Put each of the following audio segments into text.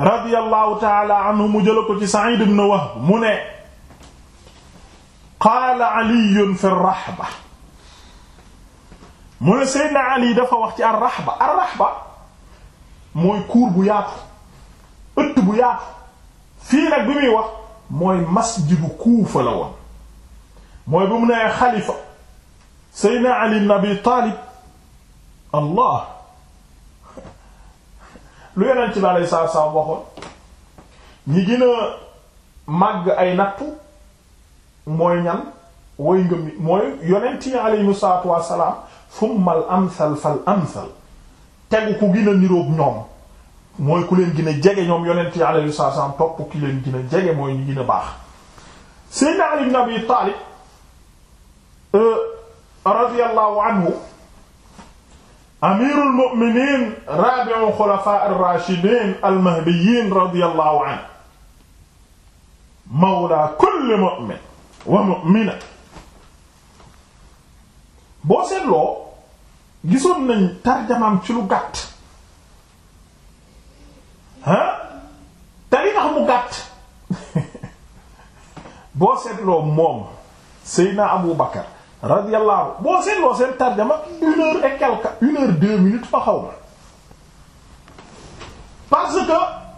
radiyallahu taala anhu mu jëla ko ci Sa'id ibn Wahb mu ne qaala aliyun fi rahba mu ne Seydina Ali dafa wax ci ar-rahba ar-rahba mooy kuur bu yaatu ëtt bu yaatu fii nag bi muy wax mooy masjidu Kuufa la woon mooy bu mu nee xalifa Seydina Ali ibn Abi Taalib allah lu yonent bi aleyhi salaatu salaam waxoon ñi gën a ay nattu mooy ñan way ngëm mooy yonent yi aleyhimu salaatu wassalaam summal amsal fal tegu ku gën a niroog ñoom mooy ku leen gën a jege ñoom yonent yi aleyhimu salaatu wassalaam topp ki leen gën jege mooy ñu gën baax Seydina Ali ibn Taalib euh, radiyallahu anhu amirul mu'minin rabi'u xulafaa ar-rashidin al-mahdiyyin radiyallahu anhu mawla kulli mu'min wa mu'mina boo seetloo gisoon nañ tarjamaam ci lu gàtt ah te li tax mu gàtt boo seetloo moom Seydina Abu Bakar radiyallahu boo seetloo seen tarjama une heure et quelque une heure deux minutes fa xaw ma parce que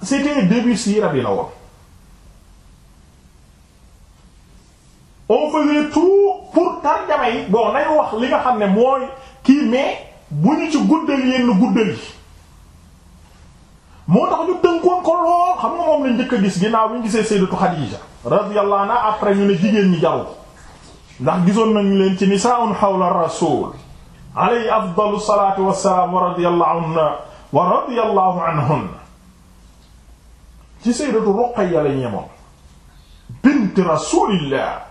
c'était début siira bi la woon on faisait tout pour tarjama yi bon nañu wax li nga xam ne mooy kii mais bu ñu ci guddal yenn guddal yi moo tax ñu tënkoon ko lool xam nga moom lañ njëkk a gis ginnaaw bi ñu gisee Sayyidatu Xadiija radiyallahu anha après ñu ne jigéen ñi ndax gisoon nañu leen ci nisaa'un hawla rasul alayhi afdalu salaatu wassalaam wa radiyallahu anha wa radiyallahu anhunna ci sayyidatu Ruqayya la ñeemoon bint rasulillah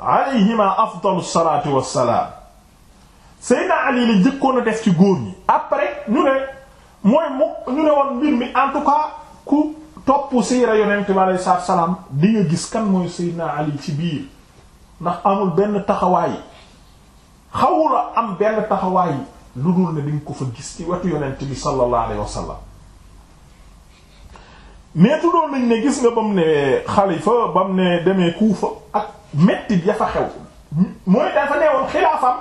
alayhima afdalu salaatu wassalaam Seydina Ali la njëkkoon a def ci góor ñi après ñu ne mooy mu ñu ne woon mbir mi en tout cas ku topp siira yonent bi alayhi salaam di nga gis kan mooy Seydina Ali ci biir ndax amul benn taxawaay xawula am benn taxawaay lu dul ne di nga ko fa gis ci wetu yonent bi sallallahu alayhi wa sallam mais tuddoon nañ ne gis nga ba mu ne xalifa ba mu ne demee Kuufa ak metti ya fa xew mooy dafa neewoon xilaafam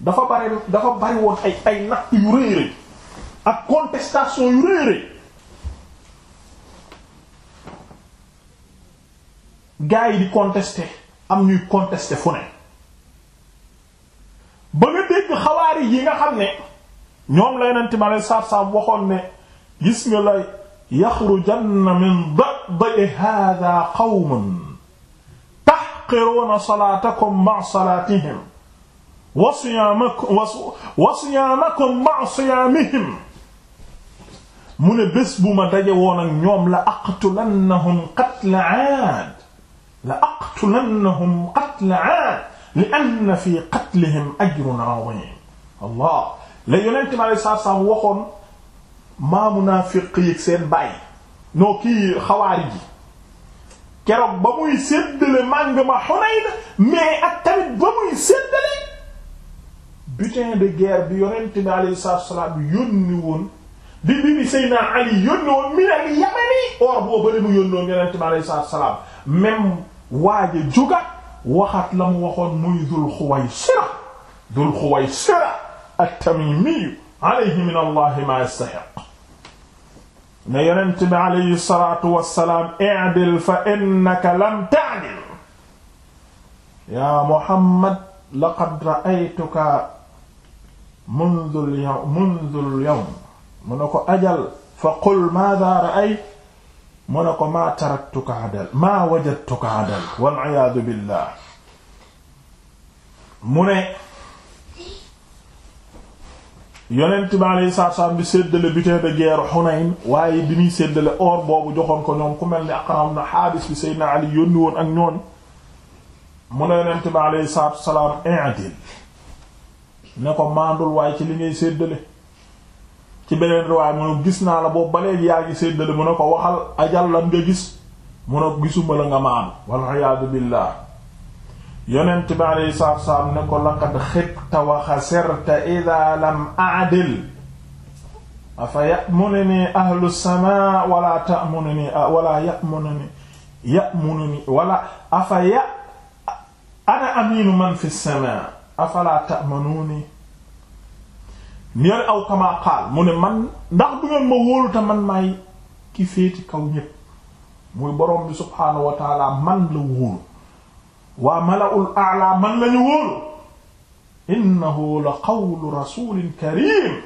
dafa bari dafa bari woon ay ay natt yu rëy rëy ak contestation yu rëy rëy gaa yi di contester am ñuy contester fu ne ba nga dégg xawaari yi nga xam ne ñoom la yonent ma lay saab-saab waxoon ne gis nga la yaxrujanna min dadi hada qawmun tahqiruuna salaatakum ma'a salaatihim wa siyaamakum wa siyaamakum ma'a siyaamihim mu ne bés bu ma daje woon ak ñoom la aqtulannahum qatla aad la aqtulannahum qatla aad li anna fi qatlihim ajrun azim allah la yonent mi alei satu selaam waxoon maa munaafiq yi seen bàyyi noo kii xawaari ji keroog ba muy séddale màng ma Hunayn mais ak tamit ba muy séddale butin de guerre bi yonent bi alayhi salaatu wassalaam yónni woon bi bi bi Seydina Ali yónni woon min al Yaman or boo bëri mu yónni woon yonent bi alayhi salaatu wassalaam même waaja jógaat waxaat la mu waxoon muy Dul Xuwaysira Dul Xuwaysira at-Tamimi alayhi min Allah ma yastahiq ne yonent bi alayhi salaatu wassalaam i'dil fa innaka lam ta'dil yaa Muhammad laqad ra'aytuka منذ اليوم منذ اليوم mu ne ko ajal فقل ماذا رأيت mu ne ko maa taraktuka adal maa wajadtuka adal wal iyaadu billah mu ne yonent bi alayhi salaatu bi séddale butin de guerre Hunayn bi muy séddale or boobu joxoon ko ñoom ku mel ni Aqram na Haabis bi Seydina Ali yónni woon ak ñoon mu ne yonent bi alayhi ko maandul waaye li ngay séddale ci beneen riwaay mu ne gis naa la boobu ba yaa ngi séddale mu ko waxal ajal lan nga gis mu ne gisuma la nga maanu waliyadu billah yonent bi alayhi salaatu salaam ne ko laqad xibta wa xasirta ida lam aadil afa yamununi ahlu samaa wala tamununi wala yamununi man fi samaa afala tamanuni ñeel aw kama qaal mu ne man ndax du ngeen ma wóolu te man maay ki féeti kaw ñépp muy borom bi subhaanahu wa taala man la wóolu waa mala'ul a'la man lañu wóolu innahu la qawlu rasulin karim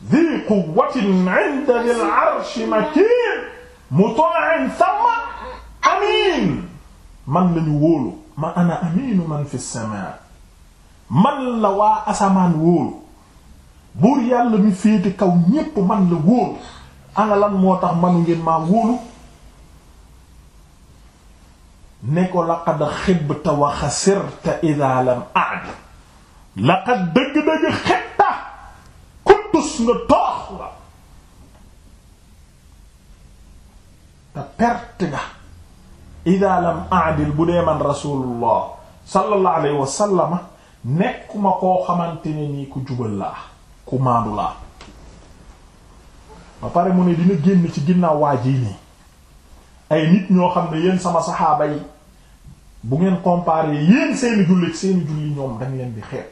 dhi quwwatin 'inda dhil 'arshi makin muta'in thumma amin man lañu wóolu ma ana aminu man fi as-samaa man la waa asamaan wóolu buur yàlla mi féete kaw ñépp man la wóolu ana lan moo tax manu ngeen maa wóolu ne ko laqad xibta wa xasirta idha lam a'd laqad dëgg-dëgg xibta kuttus nga toox nga te perte nga idha lam a'dil bu dee man rasulullah sallallahu alayhi wa sallama nekkuma koo xamante ne nii ku jubal laa ku maandu laa ba pare mu ne dina génn ci ginnaaw waa ji nii ay nit ñoo xam ne yéen sama saxaaba yi bu ngeen comparer yéen seeni julli seeni julli ñoom dañ leen di xeeb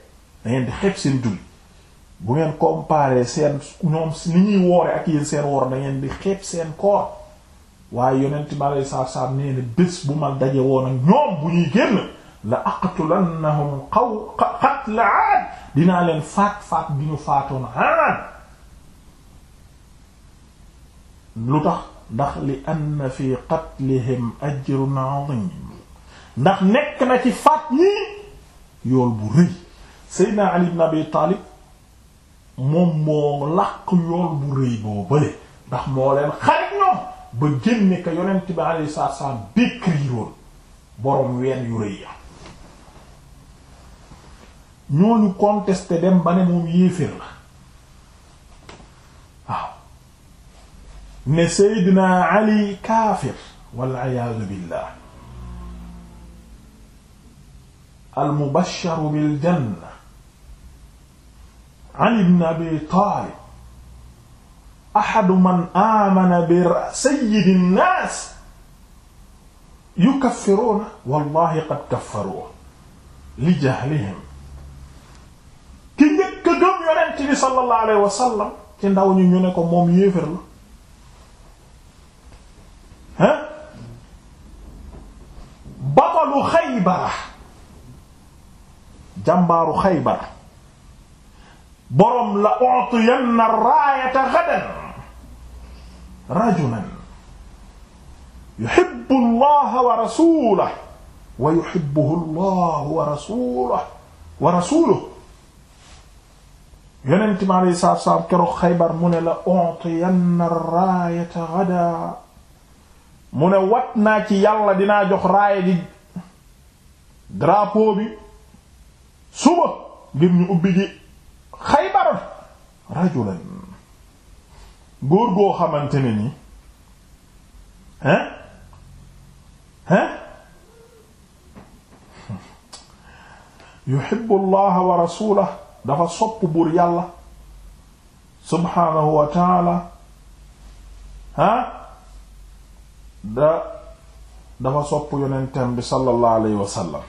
da ngeen di seen julli bu ngeen comparer seen ñoom ni ñuy woore ak yéen seen woor da di xeeb seen koor waaye yonent bi alei saatu salaam bés bu ma daje woon ak ñoom bu ñuy génn la aqtulannahum qaw qatla aad dinaa leen faat faat bi ñu faatoon Aad lu tax ndax li anna fi qatlihim ajrun azim ndax nekk na ci faat ñii yool bu rëy Seydina Ali ibn Abi Taalib moom moo làq yool bu rëy boo bële ndax moo leen xarit ñoom ba génne ka yonent bi alayhi salaatu wa salaam décriroon boroom ween yu rëy ya ñooñu contesté dem ba ne moom yéeféer la waaw ne Seydina Ali kaafir waliyasu billah almubacaru biljanna Ali ibn Abi Taalib ahadu man aamana bi sayyidi nnaas yukaffiruuna wallahi qad kaffaruuhu li jahlihim gëm yonent bi sallallahu alayhi wa sallam ci ndaw ñu ñu ne ko moom yéefér la hein batalu xaybara jàmbaaru xaybara boroom la utiyanna raayata gadan rajulan yuhibbu allaha wa rasulahu wa yuhibbuhu allahu wa rasuluhu wa rasuluhu yonent mi alayhi salaatu salaam keroog Xaybar mu ne la utiyanna raayata ghadan mu ne wat naa ci yàlla dinaa jox raaya di drapeau bi suba ngir ñu ubbi ji Xaybar rajulan góor goo xamante ne ni hein hein yuhibbu Allah wa rasulahu dafa sopp buur yàlla subhaanahu wa taala ah da dafa sopp yonentam bi sallallahu alayhi wa sallam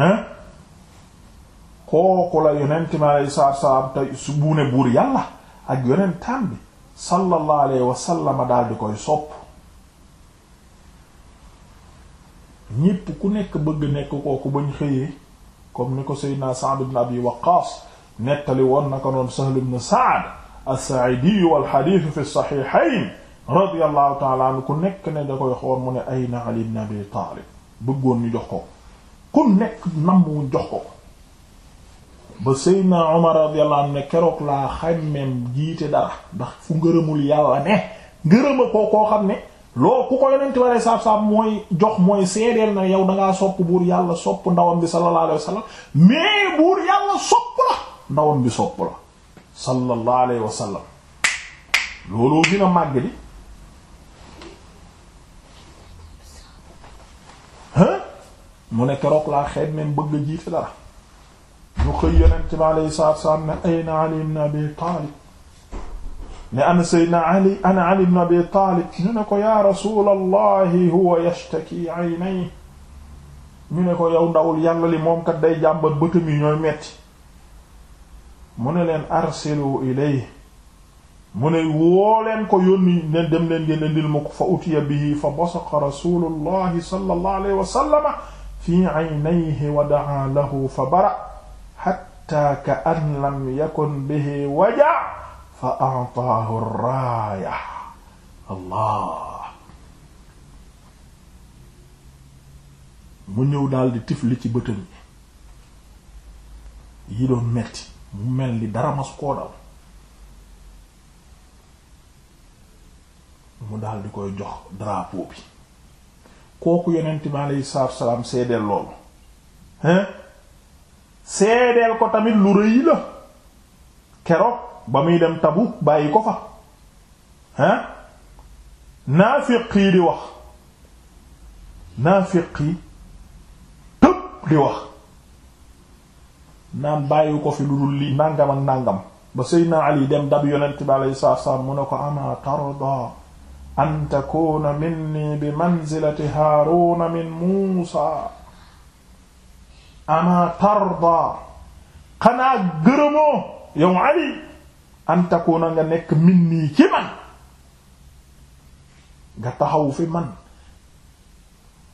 hein kooku la yonent mi alayhi buune buur yàlla ak yonentam bi sallallahu alayhi wa daal di koy sopp ñépp ku nekk bëgg nekk ko kooku bañ xëyee comme ni ko Seydina Sa'd ibn Abi Waqqas nettali woon naka noon Sahl ibn Sa'd as-Sa'idi wal ku nekk ne da koy xool mu ne ayna Ali ibn Abi Talib bëggoon ñu jox ko ku nekk nammu jox ko ba Seydina Umar radiyallahu anhu jiite dara ndax fu ngërëmul yàlla ne ngërëma ko koo xam ne loolu ku ko yonent waree saab-saab mooy jox mooy seedeel na yow dangaa sopp buur yàlla sopp ndawam bi sallallahu alayhi wa sallam mais buur yàlla sopp la ndawam bi sopp la sallallahu wa sallam looloo gën a màgg di mu ne keroog laa xeet même bëgg a jiite dara ñu xëy yonent bi alayhi salaatu wa salaam ne ayna Ali ibn Abi Talib ne ana sayyidina ali ana ali ibn abi taalib ñu ne ko yaa rasulallahi huwa yashtaki aynayhi ñu ne ko yow ndawul yàlla li moom kat day jàmbat bëtam yi ñooy metti mu ne leen arsilu ilayhi mu ne woo leen ko yónni ne dem leen ngeen indil ma ko fa utiya bihi fa basaqa rasulullahi sallallahu alayhi wa sallama fi aynayhi wa da'a lahu fa bara hatta ka an lam yakun bihi waja' fa a'taahu raaya allah mu ñëw daldi tifli ci bëtam yi doon metti mu mel ni dara mas koo dal mu daldi koy jox drapeau bi kooku yonent bi aleyhi salaatu salaam seedeel loolu seedeel ko tamit lu rëy la keroog ba muy dem Tabuk bàyyi fa ah naafiq di wax naafiq yi di wax naan bàyyi ko fi lu dul lii nàngam ak nàngam ba Seydina Ali dem dab yonent bi alayhi salaatu salaam mu ne ko ama an takuna minni bi manzilati Haaruna min Muusa ama tarda xanaa gërëmoo yow Ali antakuna nga nekk min nii ci man nga fi man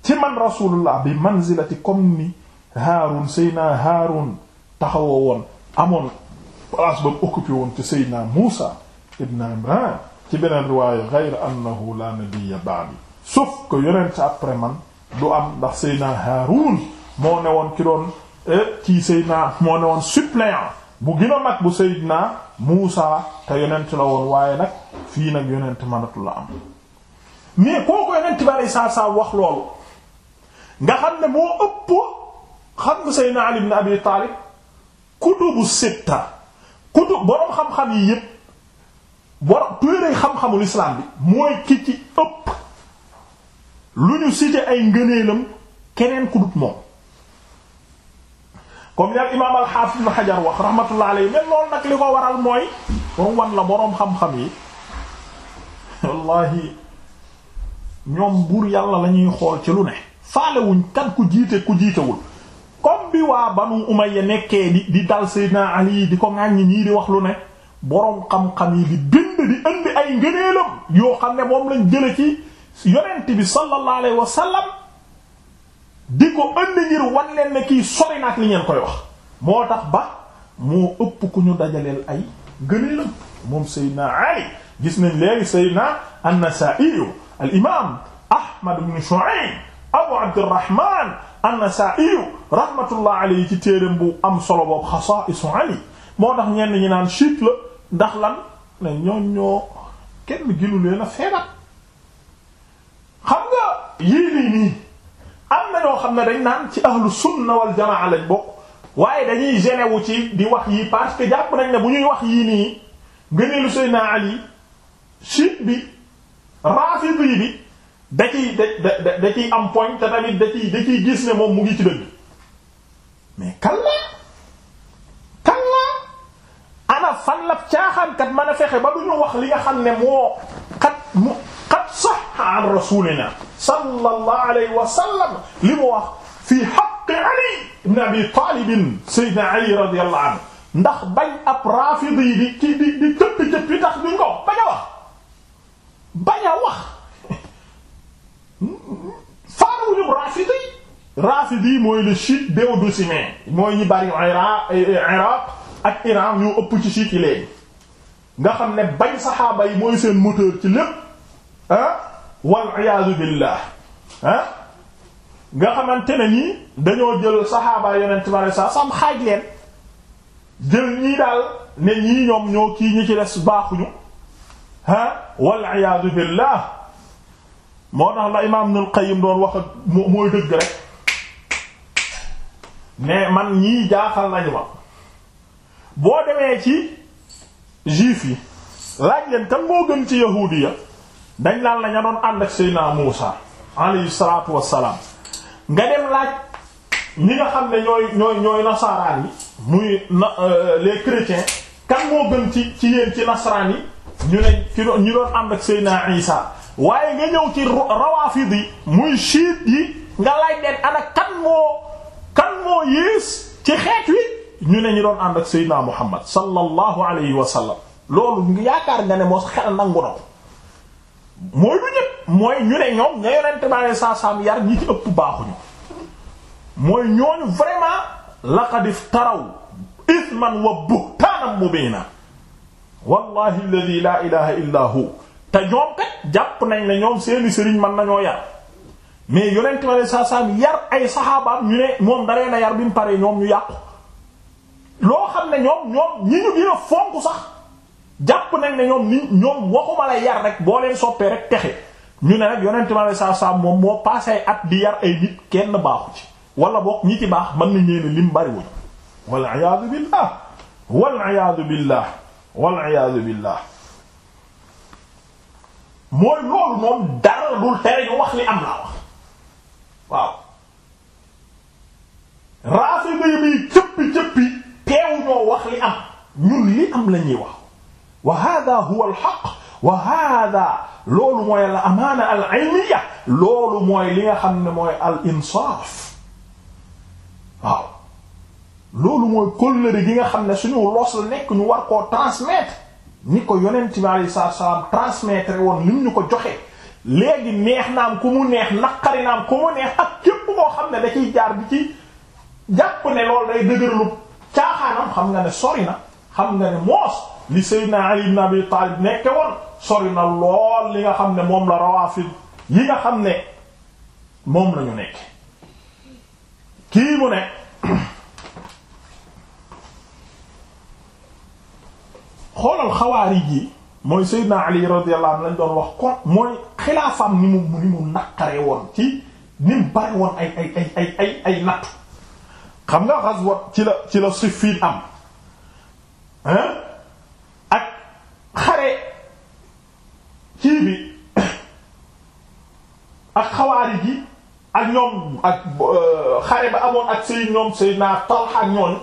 ci man rasulullah bi manzilati comme ni haarun seydna haarun taxawa woon amoon place ba mu occupé woon ci seydna muusa ibn imran ci beneen riwaaya ghayra annahu la nabiyya ba'di sauf que yonent après man du am ndax seydna haarun moo ne woon ki doon kii eh, seydna moo bu gën a mag bu Seydina Muusa te yonent la woon waaye nag fii nag yonent manatu la am mais kooku yonent bi alei saatu salaam wax loolu nga xam ne moo ëpp xam nga Seydina Ali ibn Abi Taalib kutubu sitta kutub boroom xam-xam yi yépp boroom téere xam-xamul islam bi mooy ki ci ëpp lu ñu cité ay ngëneelam keneen ku moom comme yal imaam al-Hafiz Ibn Hajar wax rahmatullah alayhi mais nag li ko waral mooy moom wan la boroom xam-xam yi wallahi ñoom buur yàlla la ñuy xool ci lu ne faalewuñ kan ku jiite ku jiitewul comme bi waa Banu Umayya nekkee di di dal Seydina Ali di ko ŋàññi nii di wax lu ne boroom xam-xam yi di bind di indi ay ngëneelam yoo xam ne moom lañ jële ci yonent bi sallallahu alayhi wa di ko ënd ngir wan ki ne kii sori na li ngeen koy wax moo tax ba mu ëpp ku ñu dajaleel ay gëneelam moom Seydina Ali gis nañ léegi Seydina An-Nasa'i al-imam Ahmad ibn Shu'ayb Abu Abdurrahman An-Nasa'i rahmatullah alayhi ci téeram bu am solo boobu Xasaa'isu Ali moo tax ñenn ñi naan chiite la ndax lan ne ñooñ kenn gilu leen a feebar xam nga yii lii nii am na ñoo xam ne dañ naan ci ahlu sunna wal jamaa lañ waaye dañuy gêné wu ci di wax yii parce que jàpp nañ ne bu ñuy wax yii nii gëneelu Seydina Ali chiite bi rafidi bi da ciy da da ciy am poñ tamit da ciy da ciy gis ne moom mu ngi ci dëgg mais kallaa kallaa ana fan la caaxaankat mën a fexe ba du ñu wax li nga xam ne moo xat mu an rasulina sallallahu alayhi wa sallam li mu wax fii haqqi Ali ibn Abi Talib sayyidina Ali radiyallahu anhu ndax bañ ab rafidi yi di ci di di tëpp tëpp yi tax duñ ko bañ a wax bañ a wax faaru ñu rafidi rafidi mooy le chiite théodocimien mooy ñi bari Irak Irak ak Iran ñu ëpp ci chiite yi léegi nga xam ne bañ saxaaba yi mooy seen moteur ci lépp ah wal iyaazu billah ah nga xamante ne nii dañoo jël saxaaba yonent bi alei sat sam xaaj leen jël ñii daal ne ñii ñoom ñoo kii ñi ci des baaxuñu ah wal iyaazu billah moo tax la imaam Ibnul Qayyim doon wax ak mooy dëgg rek mais man ñii jaaxal nañu ma boo demee ci juif yi leen kan moo gën ci yahuudiya dañ laal la ña doon ànd ak Seydina Muusa alayhi salaatu wassalaam nga dem laaj ñi nga xam ne ñooy ñooy ñooy nasaraan muy na euh, les chrétiens kan moo gën ci ci yéen ci nasaraan yi ñu ne ci ñu doon ànd waaye nga ñëw ci rawaafid yi muy chiit yi nga laaj leen ana kan moo kan ci xeet wi ñu ne ñu doon ànd ak Seydina Muhammad sallallahu alayhi wa sallam loolu yaakaar nga ne moo xel nangu na mooy lu ñëpp mooy ñu ne ñoom nga yonent bale saasaam yar ñi ci ëpp baaxuñu mooy ñooñu vraiment laqad iftaraw isman wa buhtaanan mubiina wallahi alladhi la ilaha illa hu te ñoom kat jàpp nañ ne ñoom seeni sëriñ mën nañoo yar mais yonent bale saasaam yar ay saxaabaam ñu ne moom daree na yar bi mu paree ñoom ñu yàqu loo xam ne ñoom ñoom ñi ñu gën fonk sax jàpp nañ ne ñoom ni ñoom waxuma la yar rek boo leen soppee rek texe ñu ne rek yonent ma la saa saa moom moo passé at di yar ay nit kenn baaxu ci wala boog ñi ci baax mën na leen lim bariwuñ wal iyaadu billah wal iyaadu billah wax li am laa wax bi cëppi cëppi teew ñoo wax li am ñun li am la ñuy wax. wa hada huwa alxaq wa hada loolu mooy al amaana al ilmiya loolu mooy li nga xam ne mooy al insaaf waaw loolu mooy kóllëre gi nga xam ne suñu los la nekk ñu war koo transmettre ni ko yonent bi alayhi salaatu wa salaam transmettre woon lim ñu ko joxe léegi neex naam ku mu neex naqari naam ku mu neex ak képp koo xam ne da ciy jaar bi ci jàpp ne loolu day dëgërlu caaxaanam xam nga ne sori na xam nga ne moos li Seydina Ali ibn Abi Taalib nekke woon sori na lool li nga xam ne moom la rawaafid yi nga xam ne moom lañu nekk kii mu ne xoolal xawaarij yi mooy Seydina Ali radiyallahu anhu lañ doon wax kon mooy xilaafam ni mu ni mu naqare woon ci ni mu bare woon ay ay ay ay ay xam nga xaswa ci la ci la Siffin am hein ak xawaari gi ak ñoom ak euh, xare ba amoon ak sëy ñoom Seydina Talha ak ñoon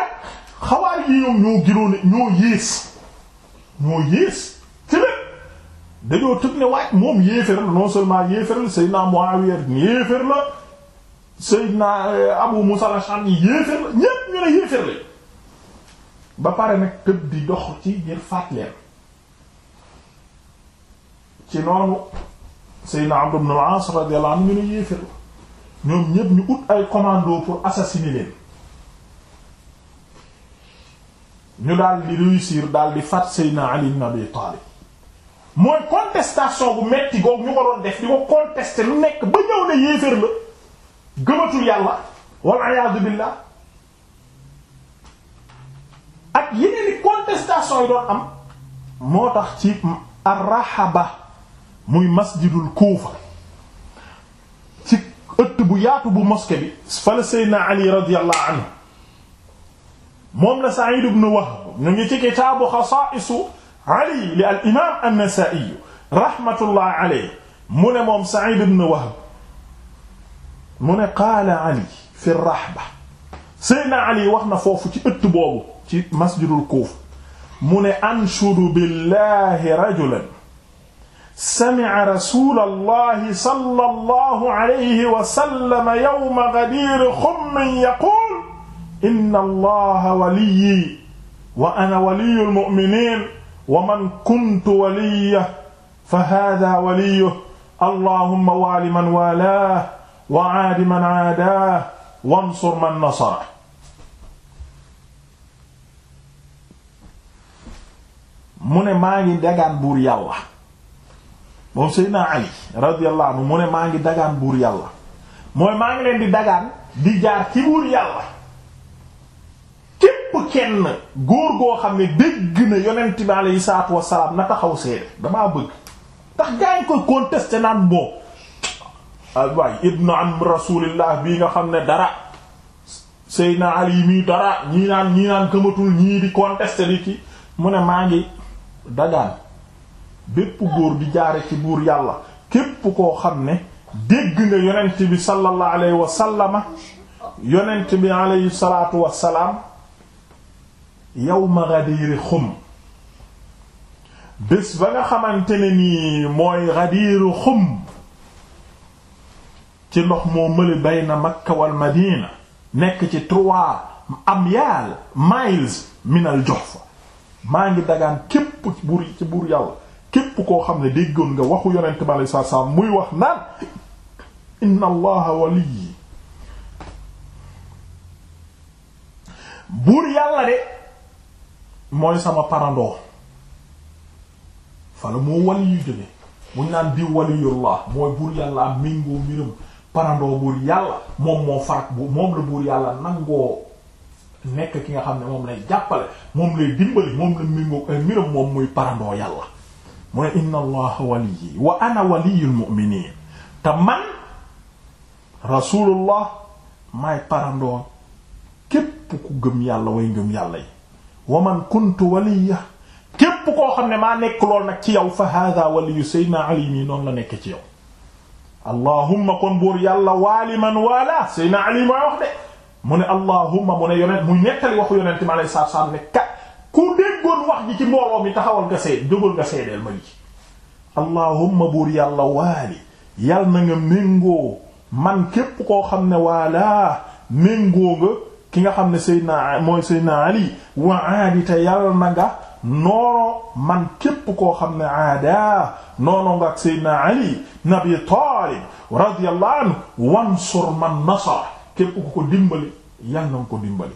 ak xawaari yi ñoom ñoo giroon ñoo yées ñoo yées ci lépp dañoo moom yéefér la seulement yéefér la Seydina Muawiya yéefér la Seydina euh, Abu Musa la ñépp ñu ne yéefér la ba pare nag tëb di dox ci ngir faat leen ci noonu Seydina Amr ibn al-As ñu ne yéefér la ñoom ñépp ñu ut ay commando pour assassiner leen ñu daal di réussir daal di faat Seydina Ali ibn Abi Talib mooy contestation bu metti googu ñu ko def di ko contester lu nekk ba ñëw ne yéefér la gëmatul yàlla wal iyaadu billah ak yeneen i contestation yi doon am moo tax ci arrahaba muy masjidul kuufa ci ëtt bu yaatu bu moske bi fala seydna ali radiyallahu anhu moom la Sa'id ibn Wahb ñu ngi ci kitaabu xasaa'isu ali li al imam an-Nasaa'i rahmatullah alayhi mu ne moom Sa'id ibn Wahb mu ne qaala ali fi rahba seydna ali wax na foofu ci ëtt boobu ci masjidul kuufa mu ne anshudu billahi rajulan sami'a rasuulallahi sallallahu alayhi wa sallam yawma ghadiir xummin yaquul inna allaha waliyyi wa ana waliyyul mu'miniin wa man kuntu waliyyahu fa haadaa waliyyuhu allahumma waali man waalaahu wa aadi man aadaahu wansur man nasarahu mu ne maa ngi dagaan buur yàlla moom Seydina Ali radiyallahu anhu mu ne maa ngi dagaan buur yàlla mooy maa ngi leen di dagaan di jaar ci buur yàlla képp kenn góor goo xam ne dégg na yonent bi alayhi salaatu wassalaam na taxaw seede damaa bëgg ndax gaa ngi koy contester naan boo ah waay ibnu am rasulillah bii nga xam ne dara Seydina Ali mii dara ñii naan ñii naan gëmatul ñii di contester di ci mu ne maa ngi dagaan bépp góor bi jaare ci buur yàlla képp koo xam ne dégg nga yonent bi sallallahu alayhi wa sallama yonent bi alayhi salaatu wa salaam yawma Ghadir Xum bés ba nga xamante ne nii mooy Ghadir Xum ci ndox moo mëli bayna Makka wal Madina nekk ci trois amyaal miles minal Juhfa maa ngi dagaan képp ci buur ci buur yàlla képp koo xam ne déggoon nga waxu yonent bi alei satu muy wax naan inna allaha waliyi buur yàlla de mooy sama parandoo fala moo wali yu jóge muñ naan di waliyullah mooy buur yàlla am méngoo mbiram parandoo buur yàlla moom moo farak bu moom la buur yàlla nangoo nekk ki nga xam ne moom lay jàppale moom lay dimbali moom la méngoo ay mbiram moom muy parandoo yàlla mu ne inna allaha waliyi wa ana waliyul mu'minin te man rasulullah maay parandoon képp ku gëm yàlla way ngëm yàlla yi wa man kuntu waliya képp koo xam ne maa nekk lool nag ci yow fa hada waliyu saydna ali mii noonu la nekk ci yow allahumma kon buur yàlla waali man waala saydna ali mooy wax de mu ne allahumma mu ne yonent muy nettali waxu yonent mi alayhi salaatu salaam ne kat ku déggoon wax ji ci mbooloo mi taxawal nga seed jógal nga seedeel ma ji allahumma buur yàlla waali yàlla na nga méngoo man képp koo xam ne waalaa méngoo nga ki nga xam ne Seydina mooy Seydina Ali wa aadi te yàlla na nga noono man képp koo xam ne aada noono nga ak Seydina Ali nabi Taalib radiyallahu anhu wansur man nasar képp ko dimbali yàlla na nga ko dimbali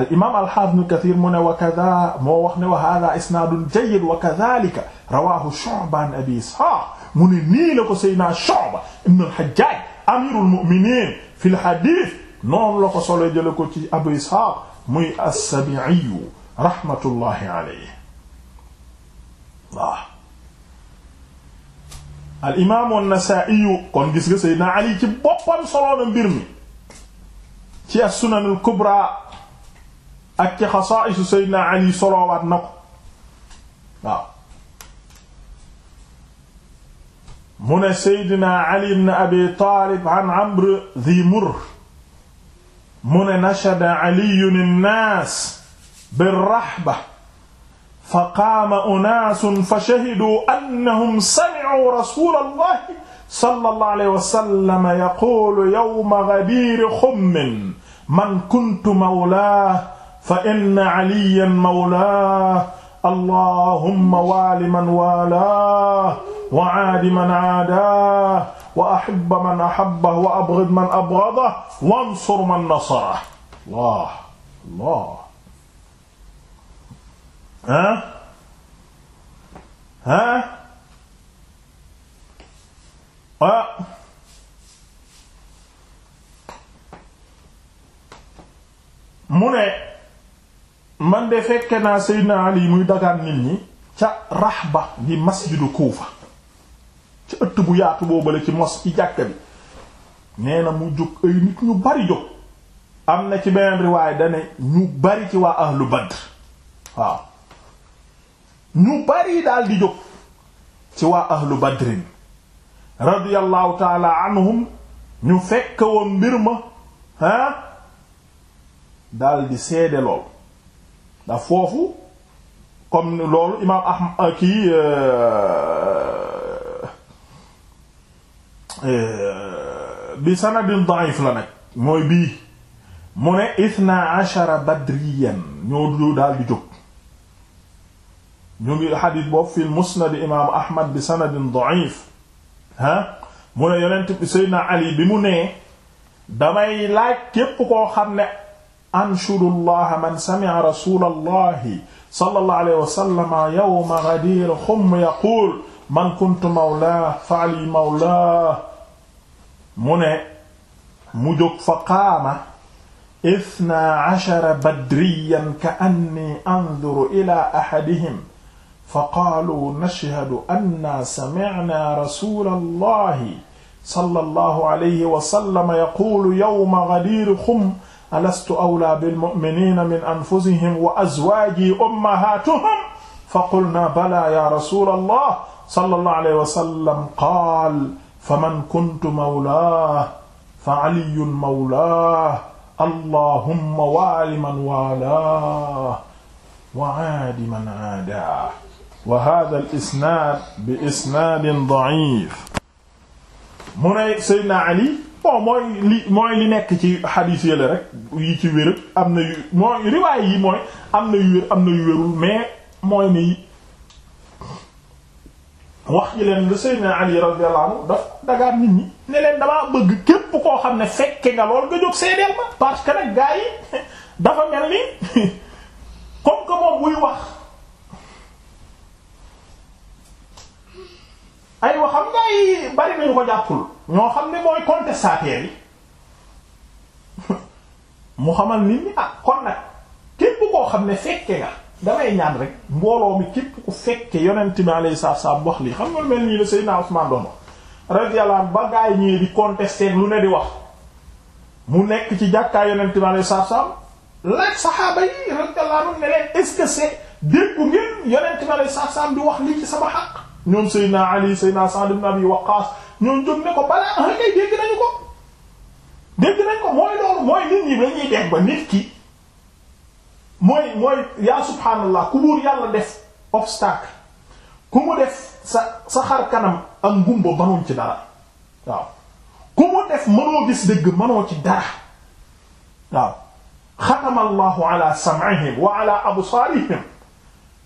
al imaam al-Haafiz Ibn Kathir mu ne wa kaza moo wax ne wa haaza isnaadun jayyid wa kazaalika rawaahu Shu'ba an Abi Ishaaq mu ne nii la ko Seydina Shu'ba ibn al-Hajjaaj amiirul mu'miniin fil hadiis noonu la ko solo jëlee ko ci Abu Ishaaq muy as-Sabi'i rahmatullahi alayhi waaw al-imaam an-Nasaa'i kon gis nga Seydina Ali ci boppam solo na mbir mi ci as-Sunan al-Kubra ak ci xasaa'isu Seydina Ali solowaat na ko waaw mu ne Seydina Ali ibn Abi Taalib an Amr dhi Murr mu ne nashada Aliyyun an-naas bir-rahba fa qaama unaasun fa shahiduu annahum sami'uu rasuulallaahi sallallaahu alayhi wa sallam yaquulu yawma ghadiiri xummin man kuntu mawlaahu fa inna aliyan mawlaa allahumma waali man waalaa wa aadi man aadaa wa ahibba man ahabba wa abghid man abghada wa ansur man nasara Allah Allah ah ah ah mu ne man de fekke naa Seydina yi muy dagaan nit ñi ca Rahba di masjidu Kuufa ca ëtt bu yaatu boobale ci mos ci jàkka bi nee mu jóg ay nit ñu bari jóg am na ci beneen riwaay dane ñu bari ci waa ahlu Badr waaw ñu bari radiyallahu taala anhum ñu fekk woon mbir ma ah daal seede lool ndax foofu comme loolu imaam Ahmad euh, kii euh, euh, bi sanadin da'if la nag mooy bii mu ne ithna ashara badriyan ñoo du daal di jóg ñu ngi xadiis boobu fi musnad imaamu Ahmad bi sanadin da'if ah mu ne yonent Seydina Ali bi mu nee damay laaj képp koo xam ne anshudu llaha man sami'a rasulallahi sallallahu alayhi wa sallam yawma ghadir xumm yaqul man kuntu mawla fa ali mawla mu ne mu jóg fa qaama ithna ashara badriyan ka anni anzuru ila ahadihim fa qaalu nashhadu anna sami'na rasulallahi sallallahu alayhi wa sallam yaqulu yawma ghadir xumm alastu awlaa bilmu'miniina min anfusihim wa azwaajii ummahaatuhum faqulnaa balaa yaa rasuulallah sallallahu alayhi wa sallam qaal faman kuntu mawlaahu fa aliyyun mawlaahu allahumma waali man waalaahu wa aadi man aadaahu wa haadhal isnaad bi isnaadin da'iif. Mu ne Seydina Ali bon mooy li mooy li nekk ci xadiis yële rek yi ci wér am na yu mooy riwaay yi mooy am na yu wér am na yu wérul mais mooy ni wax ji leen nga Seydina Ali radiyallahu anhu daf dagaar nit ñi ne leen damaa bëgg képp koo xam ne fekke nga lool nga jóg seedeel ma parce que nag gaa yi dafa mel ni comme que moom buy wax ay waxam ngay bari nañu ko jàppul ñoo xam ne mooy contestataires yi mu xamal nit ñi ah kon nag képp koo xam ne fekke nga damay ñaan rek mbooloo mi képp ku fekke yonent mi alayhi salaam wax lii xam nga mel nii la Seydina Usmaan doon wax radiyallahu ba gaay di contester lu ne di wax mu nekk ci jàkkaay yonent mi alayhi salaam laaj saxaaba yi radiyallahu ne leen est-ce que c'est déggu ngeen yonent mi alayhi salaam di wax lii ci sama xaq ñoom Seydina Ali Seydina Sa'd ibn Abi Waqqas ñoo jóg ne ko balaa ah kay dégg ko dégg nañ ko mooy loolu mooy nit ñi dañuy dégg ba nit ki mooy mooy yaa subhaanallah ku buur yàlla def obstacle ku mu def sa xar kanam ak ngumba mënoon ci dara waaw ku mu def mënoo gis dëgg mënoo ci dara waaw xatama allahu ala sam'ihim wa ala absaarihim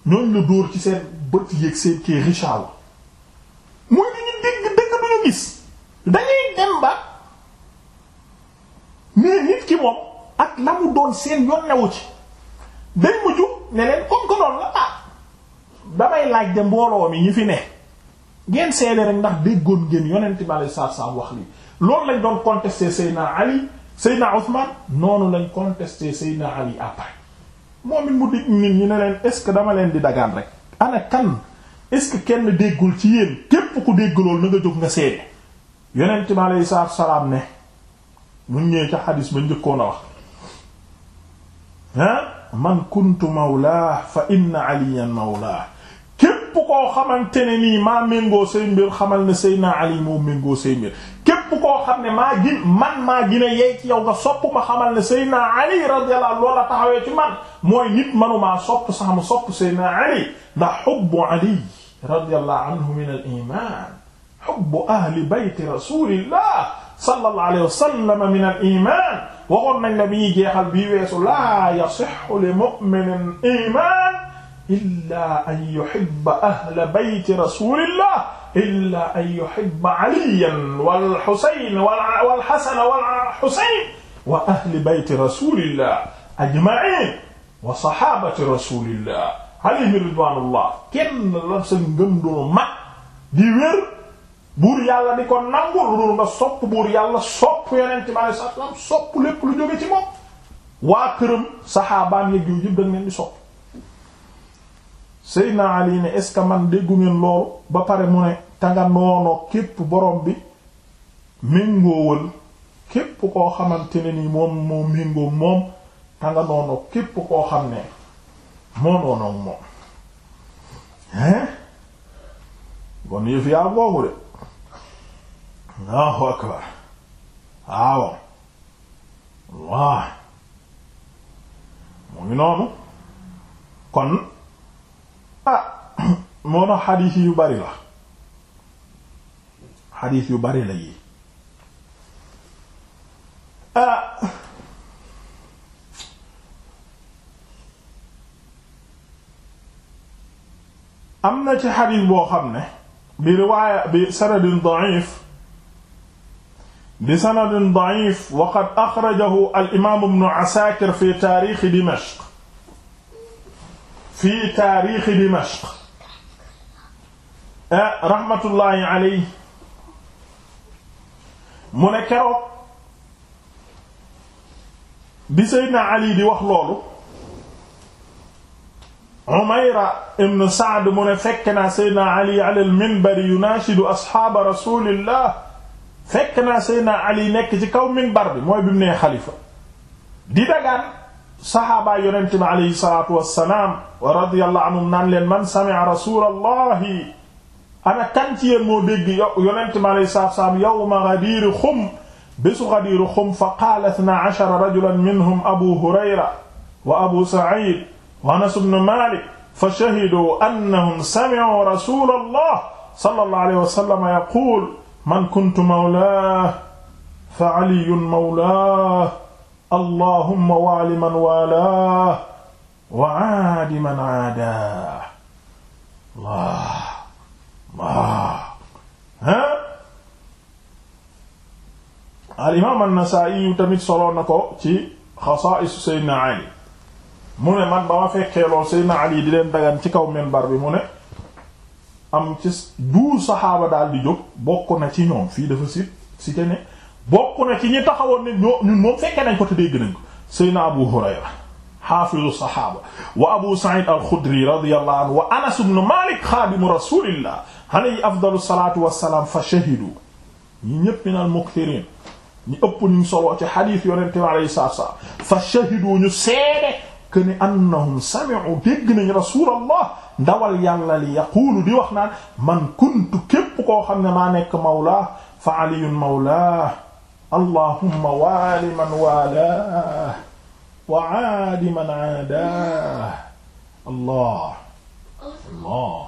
ñooñ la dóor ci seen bët yéeg seen kii richard gis dañuy dem ba mais nit ki moom ak la mu doon seen yoon newu ci dañ mujj ne leen comme que noonu la ah damay laaj de mbooloo mi ñi fi ne ngeen seede rek ndax déggoon ngeen yonent bi alei satu salaam wax lii loolu lañ doon contesté Seydina Ali Seydina Ousmane noonu lañ contesté Seydina Ali après moom it mu dig nit ñi ne leen est ce que dama leen di dagaan rek ana kan est-ce kenn déggul ci yéen képp ku dégg loolu na nga jóg nga seede yonent mi a wax ah fa inna aliyan mawlaa képp koo xamante ne nii maa méngoo say mbir xamal ma xamal sax ma sopp Seydina Ali ndax hubbu Ali radiyallahu anhu min al iman hubbu ahli bayti rasulillah sallallahu alayhi wa sallam min al iman waxoon nañ la bi ñuy jeexal bii weesu laa yasihhu li mu'minin iman illa an yuhibba ahla bayti rasulillah illa an yuhibba aliyan wal husayn wal hasan wal husayn wa ahli bayti rasulillah ajma'in wa sahabati rasulillah alayhi ridwanullah kenn la sa ngëm dul mag di wér buur yàlla di ko nangul dul nga sopp buur yàlla sopp yonente bi alei satu lépp lu jóge ci moom waa këram saxaabaan yëg yëpp dañ leen di sopp Seydina Ali ne est-ce que man déggu ngeen loolu ba pare mu ne te nga noonoo képp borom bi méngoowal képp koo xamante ne ni moom moo méngoo moom te nga noonoo képp koo xam ne moonoon ak moom hein kon yëf yaa boobu de Allahu akbar ah, waaw waa mu ngi noonu kon ah moo tax xadiis yu bari la yu bari la yii ah. am na ci xadiis boo xam ne bi riwaaya bi sanadin da'if bi sanadin da'if wa qad axrajahu al imaam ibnu Asaakir fi taarixi Dimashq fi taarixi Dimashq eh, raxmatullaahi alayhi mu ne keroog bi Seydina Ali di wax loolu Umayra ibn Sa'd mu ne fekk naa Seydina Ali ala al-minbar yunaashidu ashaaba rasulillah fekk naa Seydina Ali nekk ci kaw minbar bi mooy bi mu nee xalifa di dagaan saxaabaa yonente bi alayhi salaatu wassalaam wa radiyallahu anhum naan leen man sami'a rasulallahi ana kan ci yéen moo dégg yonente bi alayhi salaatu wassalaam yawma Ghadiir Xum bésu Ghadiir Xum fa qaala ithnaa ashara rajulan minhum Abu Hurayra wa Abu Sa'iid wa Anas ibn Malik fa shahiduu annahum sami'uu rasulallah sallallahu alayhi wa sallam yaqul man kuntu mawlaahu fa Aliyyun mawlaahu allahumma waali man waalaahu wa aadi man aadaahu Allah Allah ha al imaam an-Nasaa'i tamit solo na ko ci xasaa'isu Sayyidina Ali mu man ba ma fekkee lool Seydina Ali di leen dagan ci kaw minbar bi mu ne am ci douze saxaaba daal di jóg bokk na ci ñoom fii dafa sit si te ne bokk na ci ñi taxawoon ne ñoo ñun moom fekkee nañ ko te dégg nañ ko Seydina Abu Hurayra xaafizu saxaaba wa Abu Sa'id al-Khudri radiyallahu anhu wa Anas fa shahidu ñi ñépp min al-mukthirin ñi ëpp ñu solo ci xadiis yonente bi alayhi salaam fa shahidu ñu seede këni annahum sami'u dégg nañ rasulallah ndawal yàlla li yaquulu di wax naan man kuntu képp koo xam ne maa nekk mawlaa fa aliyun mawlaa allahumma waali man waalaah wa aadi man aadaah allah allah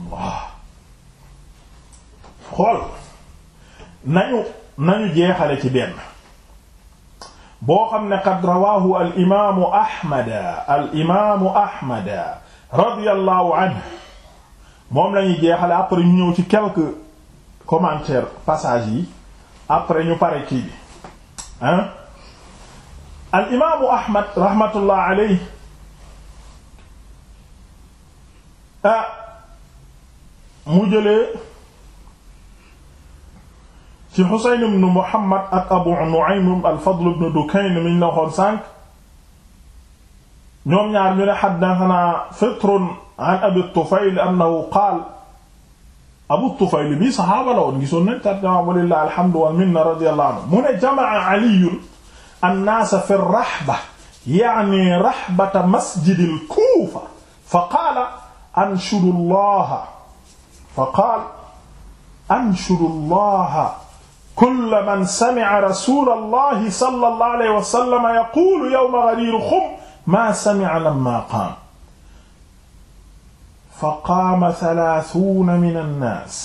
allah xool nañu nañu jeexale ci benn boo xam ne qad rawaahu al imaamu Ahmada al imaamu Ahmada radiyallahu anhu moom la ñuy jeexale après ñu ñëw ci quelques commentaires passages yi après ñu pare kii bi ah al imaamu Ahmad rahmatullah alayhi ah mu jëlee. ci Xuseyn ibn Muhammad ak Abu Nu'aym al-Fadl ibn Dukayn mi ñu la waxoon sànq ñoom ñaar ñu ne haddathanaa Fitr an Abi Tufayl annahu qaala Abu Tufayl bi saxaaba la woon gisoon nañ tarjama walillahi alhamdu wal minna radiyallahu anhu mu ne jama'a Aliyyun annaasa fi rahba ya'ni rahbata masjidil Kuufa fa qaala anshudu llaha fa qaala anshudu llaha kulla man sami'a rasulallahi sallallahu alayhi wa sallam yaqulu yawma ghadir xum ma sami'a lamma qaam fa qaama thalaathuuna mina nnaas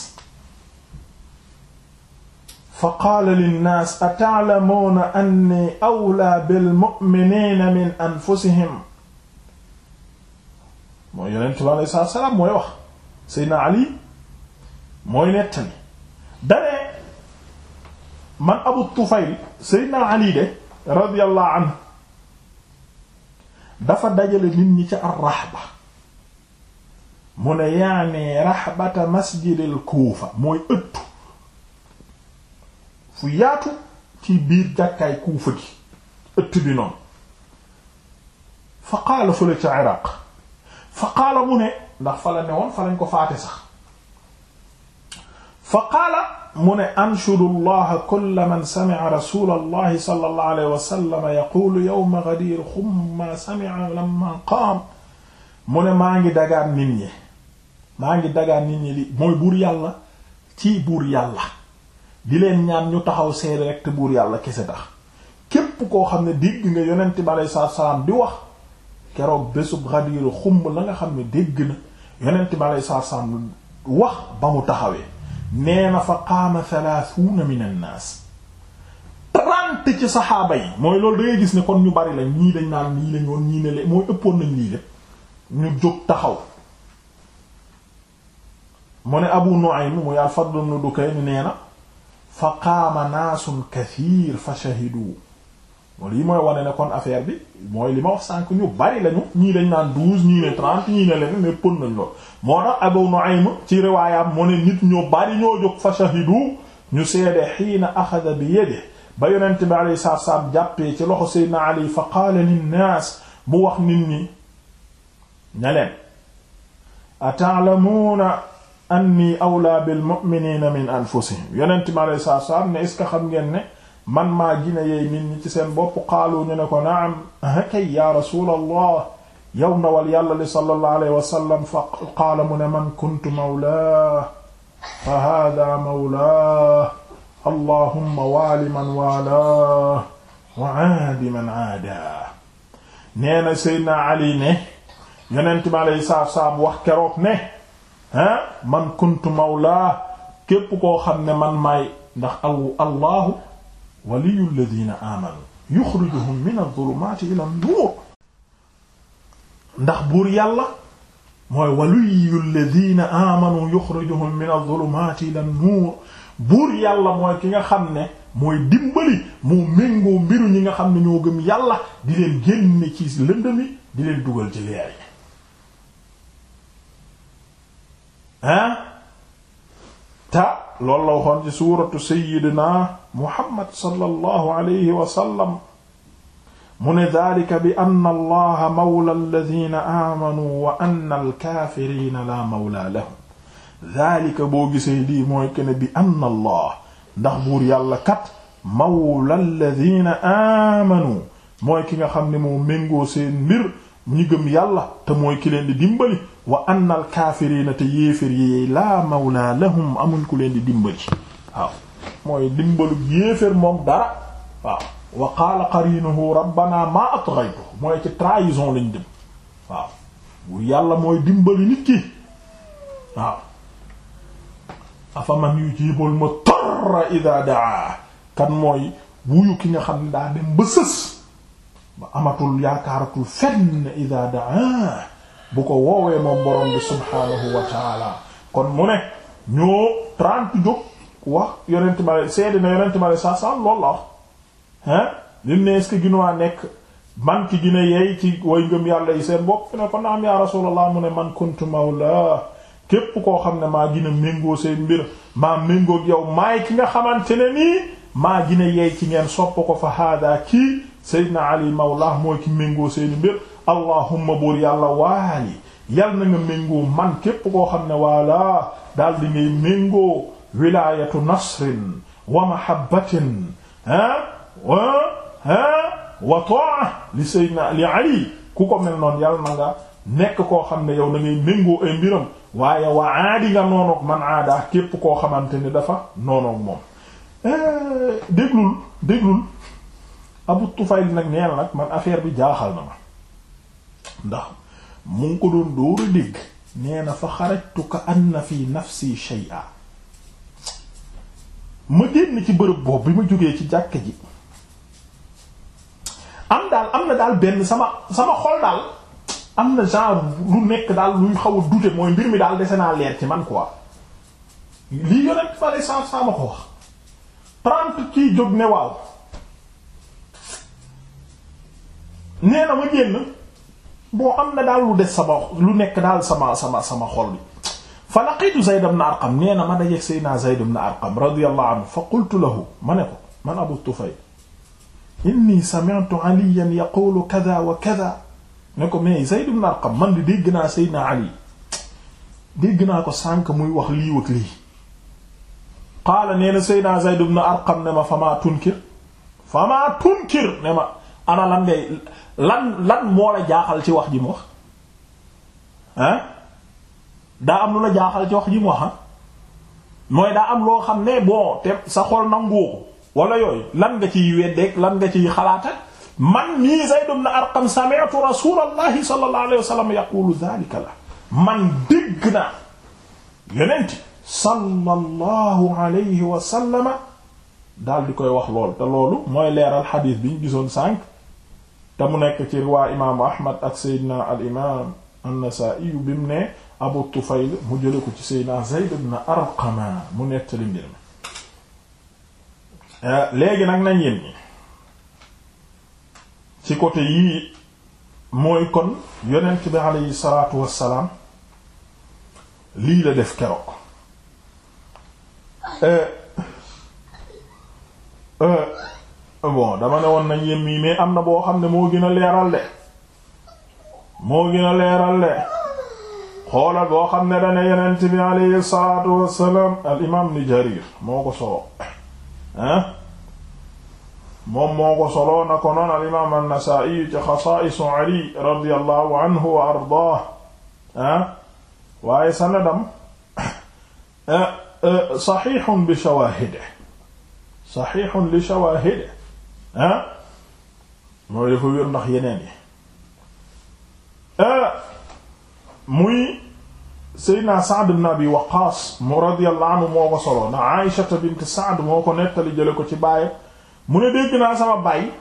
fa qaala linnaas ata'lamuuna annii awlaa bilmu'miniina min anfusihim mooy yonent bi alayhi salaatu wa salaam mooy wax Seydina Ali mooy nettali man Abu Tufayl Seydina Ali de radiyallahu anhu dafa dajale nit ñi ca ar-rahba mu ne yaani rahbata masjidil Kuufa mooy ëttu fu yaatu ci biir jàkkaay Kuufa gi bi noonu fa qaala fu la fa qaala mu ne ndax fa ne woon fa ko faate fa qaala mu ne anshudu allah kulla man sami'a rasula allahi sallallahu alayhi wa sallam yaqulu yawma ghadir xumma sami'a lamma qaam mu ne maa ngi dagaan nit maa ngi dagaan nit ñi li buur yàlla ci buur yàlla di leen ñaan ñu taxaw seede rek te buur yàlla kese tax képp koo xam ne dégg nga yonent bi alayhi salaatu salaam di wax keroog bésub Ghadir xumb la nga xam ne dégg na yonent bi wax ba mu taxawee nee na fa qaama thalaathuuna min annaas trente ci saxaaba yi mooy loolu da gis ni kon ñu bari lañ ñii dañ naan lii lañ woon ñii ne le mooy ëppoon nañ lii lépp ñu jóg taxaw mu ne Abu Nu'aym muy al-Fadl ibn Dukayn nee na fa qaama naasun kathiir fa shahidu lii mooy wane ne kon affaire bi mooy li ma wax sànq ñu bari lañu ñii dañ naan douze ñii ne trente ñii ne leen mais pon nañ lool moo tax Abu Nu'aym ci riwaayam mu ne nit ñu bari ñoo jóg fa shahidu ñu seede xiina axada bi yadihi ba yonent bi alayhi salaatu salaam jàppee ci loxo Seydina Ali fa qaala linnaas mu wax nit ñi ne leen ata'lamuuna anni awlaa bil mu'miniina min anfusihim yonent bi alayhi salaatu ne est xam ngeen ne man maa gina yeey nit ñi ci seen bopp xaalu ñu ne ko naam hakay ya rasul allah yow ndawal yàlla li sallallahu alayhi wa sallam fa qaala mu ne man kuntu mawla fa hada mawla allahumma waali man waala wa aadi man aada nee na seydna ali ne yonent mi alay saaf saaf wax keroog ne ah man kuntu mawla képp koo xam ne man maay ndax aw allahu waliyu alladhina amanu yuxrijuhum min adh-dhulumati ila an-nur ndax buur yàlla mooy waliyu alladhina amanu yuxrijuhum min adh-dhulumati ila an-nur buur yàlla mooy ki nga xam ne mooy dimbali moo méngoo mbiru ñi nga xam ne ñoo gëm yàlla di leen génne ci lëndëmi di leen dugal ci leer yi ah ta loolu la waxoon ci suuratu sayyidina muhammad sallallahu alayhi wa sallam mu ne daalika bi anna allaha mawla alladina aamanu wa anna alkaafirina laa mawla lahum daalika boo gisee lii mooy kene bi anna allah ndax buur yàlla kat mawla alladina aamanu mooy ki nga xam ne moo méngoo seen mbir ñi gëm yàlla te mooy ki leen di dimbali wa anna al kaafiriina te yéefér yi laa ku leen di dimbali waaw mooy dimbalu yéefér moom dara waaw wa qarinuhu rabbana maa atghaytu mooy ci trahison lañ dem waaw bu yàlla mooy dimbali nit ki waaw afaman yujibul mutarra idha daa kan mooy wuyu ki nga xam ne daa dem ba sës ba amatul yaakaaratul fenn idha bu ko woowee moom borom bi subhaanahu wa taala kon mu ne ñoo trente jóg wax yonent male seede na yonent male saa saa loolu la wax hein lim ne est-ce que nekk man ki gine yeey ci way ngëm yàlla yi seen bopp ne ko naam yaa rasulallah mu ne man kuntu mawla képp koo xam ne maa gina méngoo seen mbir maa méngoog yow maay ki nga xamante ne nii maa gina yeey ci ngeen sopp ko fa haada kii Seydina Ali mawla mooy ki méngoo seen mbir allahumma buur yàlla waali yal na nga méngoo man képp koo xam ne waalaa daal di ngay méngoo wilaayatu nasrin wa mahabbatin ah ah, ah wa ta'a li sayyidina li ali ku ko mel noonu yal nga nekk koo xam ne yow da ngay méngoo ay mbiram waaye wa aadi nga noonoog man aada képp koo xamante ni dafa noonoog moom eh, déglul déglul abu tufayl nag neen nag man affaire bi jaaxal na ma ndax mu ngi ko doon dóor a dégg nee na fa xarajtu ka anna fi nafsi shay'a ma génn ci bërëb boobu bi ma jógee ci jàkk ji am daal am na daal benn sama sama xol daal am na genre lu nekk daal luy xaw a douter mooy mbir mi daal dese naa leer ci man quoi lii yonent fa saa saa ma ko wax trente kii jóg ne waaw nee ma génn boo am na daal lu des sama lu nekk daal sama sama sama xol bi fa laqitu Zayd ibn Arqam nee na ma dajeeg Seydina Zayd ibn Arqam radiyallahu anhu fa qultu lahu ma ne ko man Abu Tufayl inni sami'tu Aliyan yaqulu kadha wa kadha ne ko mais Zayd ibn Arqam man di dégg naa Seydina Ali dégg naa ko sànq muy wax lii ak lii qaala nee na Seydina Zayd ibn Arqam ne ma fa maa tunkir fa maa tunkir ne ma ana lan ngay lan lan moo la jaaxal ci wax ji mu wax ah daa am lu la jaaxal ci wax ji mu wax mooy daa am loo xam ne bon te sa xol nangu ko wala yooyu lan nga ciy weddeeg lan nga ciy xalaata man nii Zayd ibn Arqam sami'tu rasulallahi sallallahu alayhi wa sallam yaqulu dhalika la man dégg naa yonent daal di koy wax lool te loolu mooy leeral xadiis bi ñu gisoon sànq te mu nekk ci riwaa imaamu ahmad ak seydina al imam an-Nasaa'i bi mu ne Abu Tufayl mu jële ci seydina Zayd ibn Arqama mu nettali mbir mi eh, léegi nag nañ yem ci côté yii mooy kon yonent bi aleyhi salaatu wassalaam lii la def keroog eh, eh, Ah bon dama ne woon nañ yem mais am na boo xam ne moo gën a leeral de moo gën xam ne dana yonent bi alayhi salaatu wassalaam al imaam ni jarir moo ko solo moo ko na ko noon al imaam an-Nasaa'i ci xasaa'isu Ali radiyallahu anhu wa ardaah ah waaye sanadam eh, eh, saxiixun bi shawaahidi saxiixun li shawaahidi ah mooy dafa wér ndax yeneen yi ah, muy Seydina Sa'd ibn Abi Waqqas mu radiyallahu anhu moo ko solo na Aisha bint Sa'd moo ko nettali jële ko ci baayam mu ne dégg naa sama baay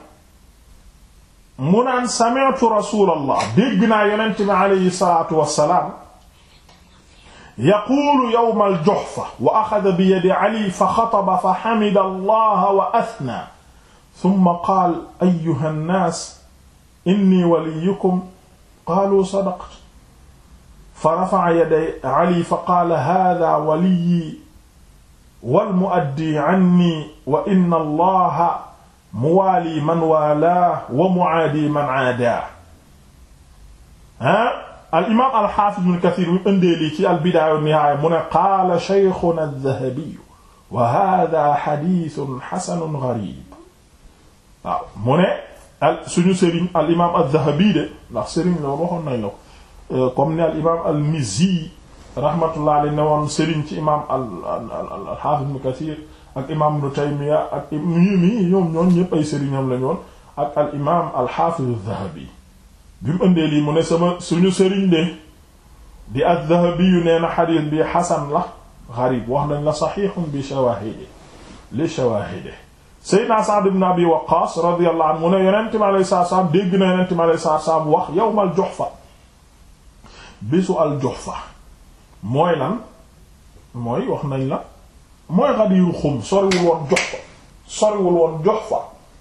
mu naan sami'tu rasulallah dégg naa yonent bi alayhi salaatu wassalaam yaquulu yawma al-juhfa wa axada bi yadi Ali fa xataba fa hamida Allah wa athnaa summa qaal ayyuha nnaas inni waliyukum qaalu sadaqta fa rafaca yaday cali fa qaala haadaa waliyyi walmu'addi canni wa inna allaha muwaali man waalaah wa mucaadi man caadaah ah alimaam alxaafis ibn kasiir mu ëndee lii ci albidaaya wa nihaaya mu ne qaala shaykhuna addahabiyu wa haadaa xadiisun xasanun gariib waaw mu suñu sëriñ al imaam az-Zahabi de ndax sëriñ la woon waxoon nañ la ko euh, comme ni al imaam al-Mizzi rahmatullah alayhi ne woon sëriñ ci imaam al al al ak imaam Ibn lañ woon ak al imaam al Hafiz bi mu ëndee lii mu ne sama suñu sëriñ de di az-Zahabi yu nee na xadiis bi xasan la gharib wax nañ la saxiixun bi shawaahidi li shawaahidi Seydina Sa'd ibn Abi Waqqas radiyallahu anhu mu ne yonent mi alayhi salaatu salaam dégg na yonent mi alayhi salaatu salaam wax yawmal Juhfa bisu al Juhfa mooy lan mooy wax nañ la mooy Ghadir Khum soriwul woon Juhfa soriwul woon Juhfa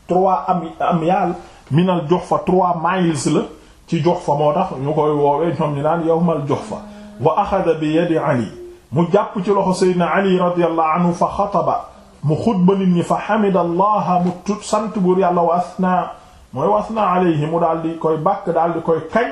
trois am amyaal min al Juhfa trois miles la ci Juhfa moo tax ñu koy woowee ñoom ñu naan yawmal Juhfa wa akhadha bi yadi Ali mu jàpp ci loxo Seydina Ali radiyallahu anhu fa xataba mu xutba nit ñi fa xamida allaha mu tut sant buur yàlla wa asna mooy wa asna alayhi mu daal di koy bàkk daal di koy kañ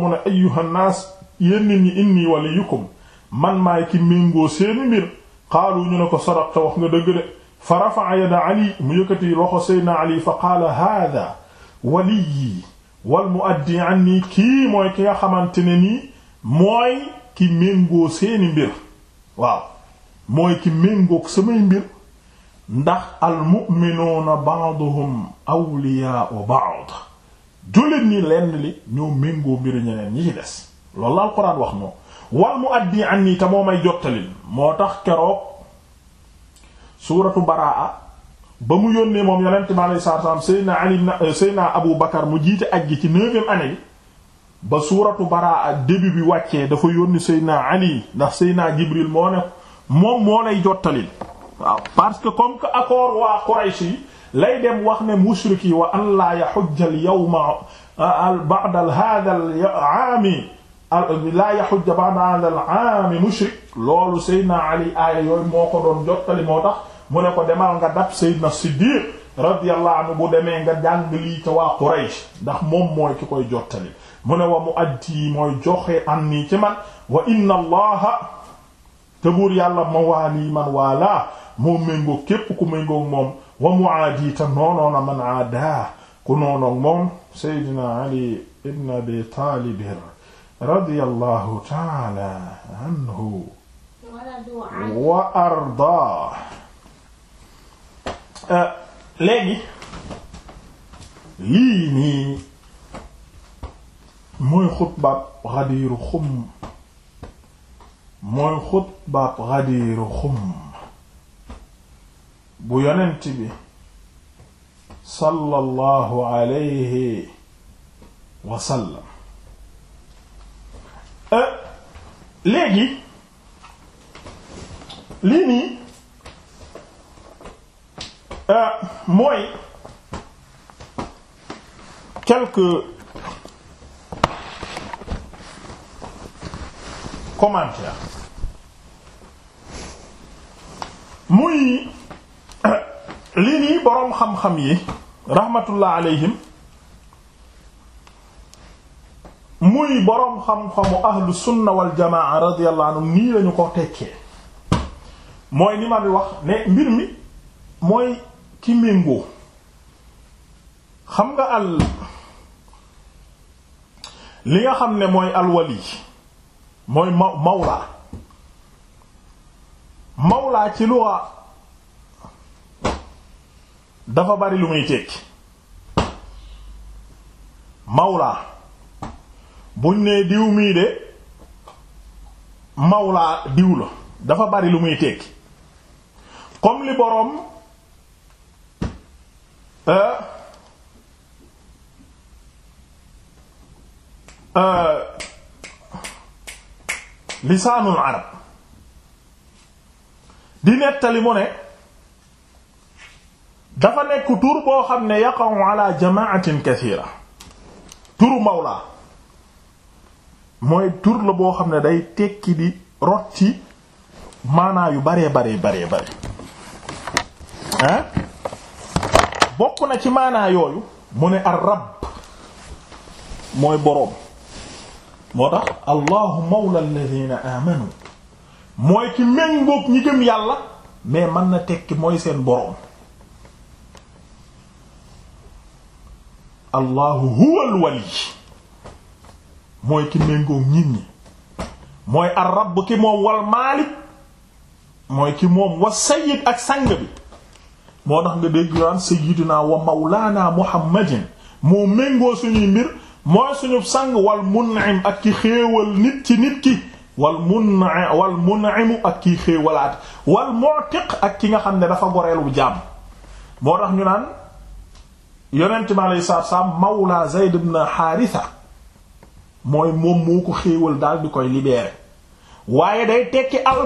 mu ne ayyuha nnaas yéen nit ñi inni waliyukum man maay ki méngoo seeni mbir qaalu ñu ne ko ta wax nga dëgg de fa rafa'a yada ali mu yëkkati loxo seydna ali fa qaala haada waliyi wal muaddi anni kii mooy ki nga xamante ne nii mooy ki méngoo seeni mbir waaw mooy ci méngoog samay mbir ndax almu'minuuna ba'duhum awliyaa'u ba'd jullit ñi lenn li ñoo méngoo mbiru ñeneen ñi ci des loolu la alxuraan wax noonu wal mu addi an nii te moo may jottalin moo tax keroog suuratu baraa ba mu yónnee moom yonent bi alayhi salaatu wa salaam euh, Abu Bakar mu jiite aj gi ci neuvième année bi ba suuratu baraa début bi wàccee dafa yónni Seydina Ali ndax Seydina Jibril moo ne moom moo lay parce que comme que accord waa Quraysh yi lay wax ne mushrik yi wa an laa yahujja al yawma ba'da mushrik loolu Seydina Ali aaya yooyu moo ko doon jottali moo tax mu ne ko demal nga dab Seydina Siddiq radiyallahu anhu bu demee nga jàng lii ca waa Quraysh ndax moom mooy ki koy jottali mu wa mu addi mooy joxe am nii ci man wa inna allaha te buur yàlla ma waali man waalaa moo méngoo képp ku méngoo moom wa muaadi te noonoona man aadaa ku noonoog moom seydina ali ibn abi taalib radiyallahu taala anhu wa ardaa euh, léegi lii nii mooy xutbaab mooy xutbaab Ghadir Xum bu yonent bi sallallahu alayhi wa eh, léegi lii nii eh, mooy quelques commentaire muy lii nii boroom xam-xam yi rahmatullah alayhim muy boroom xam-xamu ahlu sunna wal jamaa radiyallahu nii lañu ko tekkee mooy ni ma bi wax ne mbir mi mooy ki xam nga al li nga xam ne mooy alwali mooy ma mawlaa mawlaa ci luwa dafa bari lu muy tekki mawlaa buñ nee diw mii de mawlaa diw la dafa bari lu muy tekki comme li boroom euh euh lisaanul arab di nettali mu ne dafa nekk tur boo xam ne yaqa'u ala jama'atin kathira turu mawla mooy tur la boo xam ne day tekki di rot ci maanaa yu baree baree baree bare ah bokk na ci maanaa yooyu mu ne ar-rabb mooy boroom moo tax allahu mawla alladhina amanu mooy ki méngoog ñi gëm yàlla mais mën na tekki mooy seen boroom allahu huwa alwali mooy ki méngoog nit ñi mooy ar rabb ki moom wal maalik mooy ki moom wa sayyid ak sang bi moo tax nga dégg naan sayyidina wa mawlaana muhammadin moo méngoo suñuy mbir mooy suñu sang wal mu ak ki xéewal nit ci nit ki wal mun wal mun'imu ak ki xéewalaat wal mu'tiq ak ki nga xam ne dafa goreelu jaam moo tax ñu naan yonent mi alayhi salaatu salaam mooy moom xéewal daal di koy libéré waaye day tekki al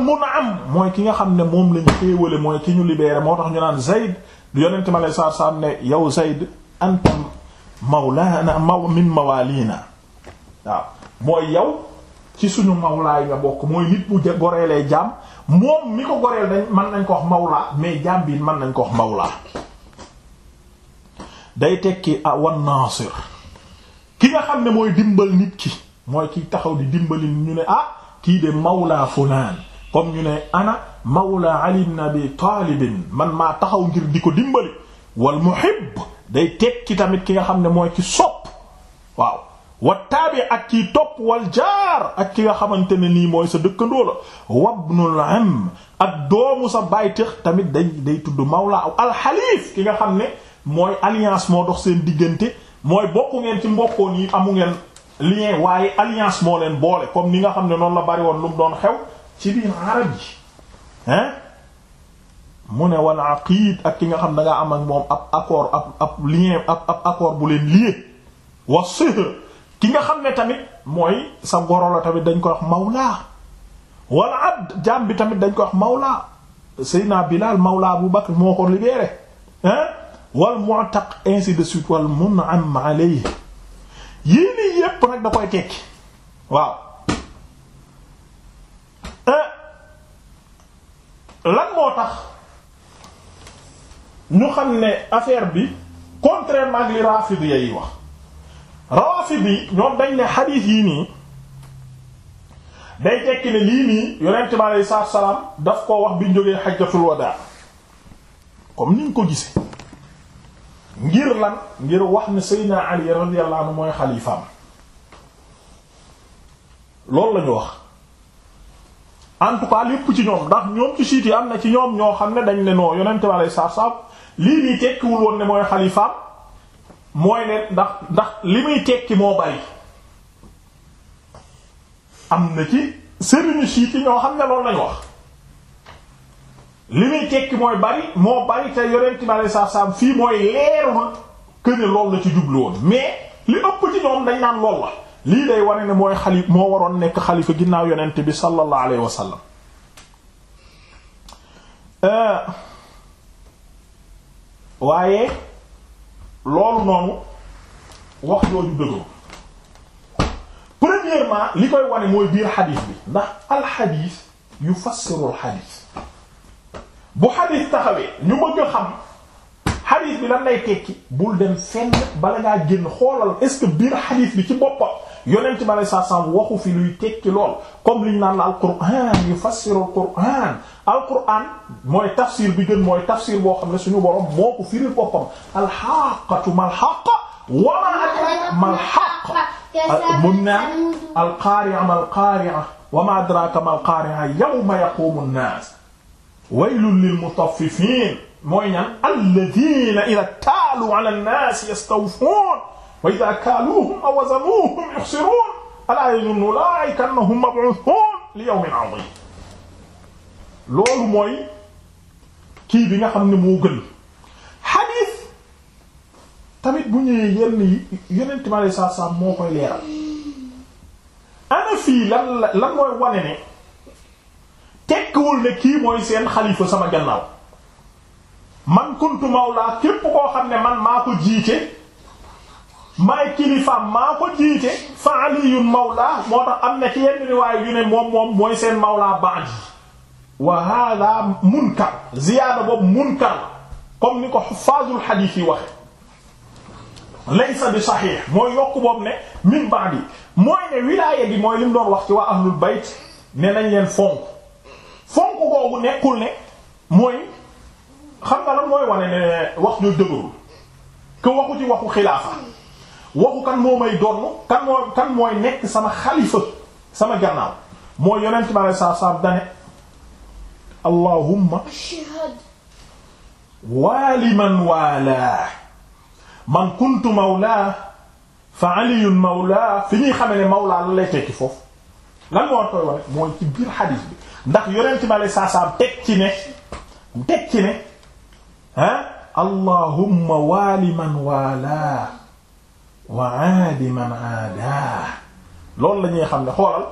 ki nga xam ne moom lañ xéewale mooy ki ñu libéré moo tax ñu naan Zayd yonent mi alayhi salaatu salaam ne yow Zayd antam mawlaana maw min mawaalina waaw mooy yow ci suñu mawlaay nga bokk mooy nit bu goreelee jaam moom mi ko goreel dañ mën nañ ko wax mawlaa mais jaam bi mën nañ ko wax mawlaa day tekki awan nasir ki nga xam ne mooy dimbal nit ki mooy kiy taxaw di dimbali ñu ne ah kii de mawlaa fulaan comme ñu ne ana mawlaa Ali ibn Abi Taalib man maa taxaw ngir di ko dimbali wal muhib day tekki tamit ki nga xam ne mooy ki sopp waaw wa ak kiy topp wal jaar ak ki nga xamante ne nii mooy sa dëkkandoo la wabnul am ak doomu sa baytix tamit day day tudd mawla ak alxalif ki nga xam ne mooy alliance moo dox seen diggante mooy bokku ngeen ci mbokkoon yi amu ngeen lien waaye alliance moo leen boole comme ni nga xam ne noonu la bari woon lu mu doon xew ci biir arab yi hein mu ne wal aqid ak ki nga xam da ngaa am ak moom ab accord ab ab lien ab ab accord bu leen lié wa sihr ki nga xam ne tamit mooy sa goro la tamit dañ ko wax mawla wal abd bi tamit dañ ko wax mawla Seydina Bilal mawla Abu Bakr moo ko libéré hein wal mu'taq ainsi de suite wal mun'am alayhi yii nii yépp nag da koy tekki waaw lan moo tax ñu xam ne affaire bi contrairement ak li rafidi yi wax rafidi ñoom dañ ne xadiis yi nii day tekki ne lii nii yonent bi aleyhi salaatu salaam daf koo wax bi ñu jógee xajjatul wadaa comme niñ ko gisee ngir lan ngir wax ni Seydina Ali radiyallahu mooy xalifaam loolu lañu wax en tout cas lépp ci ñoom ndax ñoom ci siit yi am na ci ñoom ñoo xam ne dañ ne noo yonent bi aleyhi salaatu salaam lii nii tekkiwul woon ne mooy xalifaam mooy ne ndax ndax li muy tekki moo bari am na ci sëriñu siiti ñoo xam ne loolu lañu wax li muy tekki mooy bari moo bari te yorenti ma lay saabsaab fii mooy leeru na que ne loolu la ci jublu woon mais li ëpp ci ñoom dañ naan lool la lii day wane ne mooy xali moo waroon nekk xalifa ginnaaw yonent bi sallallahu alayhi wa waaye loolu noonu wax jooju dëgg premièrement li koy wane mooy biir xadis bi ndax alxadis yufassiru alxadis bu xadis taxawee ñu bëgg xam xadiis bi lan lay tekki bul dem fenn bala ngaa génn xoolal est-ce que biir xadiis bi ci boppam yonent ma lay saa saa waxu fi luy tekki lool comme liñ naan la alquran yufassiru alquran alquran mooy tafsir bi gën mooy tafsir boo xam ne suñu borom moo ko firil boppam alxaqatu malxaq wa ma adraka malxaq mun naa alqaari'a malqaari'a wa ma adraka malqaari'a yawma yaqumu nnaas waylun lil mutaffifin mooy ñan alladina ida taalu ala nnaasi yastawfuun wa ida kaaluuhum aw wazanuuhum yuxsiruun alaa yazunnu ulaa'ika annahum mab'uusuun li yawmin loolu mooy kii bi nga xam ne moo gën tamit bu ñëwee yenn yi yeneen ma lay saa saa moo koy leeral ana fii lan lan mooy ne kii mooy seen xalifa sama gannaaw man kuntu mawla képp koo xam ne man maa ko jiite maay kilifaam maa ko jiite fa aliyun mawla moo tax am na ci yenn riwaay yu moom moom mooy seen mawla ba'di wa hada munkar ziyaada boobu munkar comme ni ko xufaazul xadiis yi waxe laysa bi saxiix mooy yokk boobu ne min ba'di mooy ne wilaaya bi mooy lim doon wax ci waa ahlul bayt ne nañ leen fonk fonk googu nekkul ne xam mooy wane wax ñu dëgërul ci waxu xilaafa kan moo may donn kan mooy nekk sama xalifa sama gannaaw mooy yonent bi alei satu salaam dane allahumma waali man waala man kuntu mawla fa aliyun mawla fi ñuy xamee ne mawla la lay tekki foofu lan moo koy wane mooy ci biir bi ndax yonent bi alei satu salaam ah allahumma waali man waalaa wa aadi man aadaa loolu la ñuy xam ne xoolal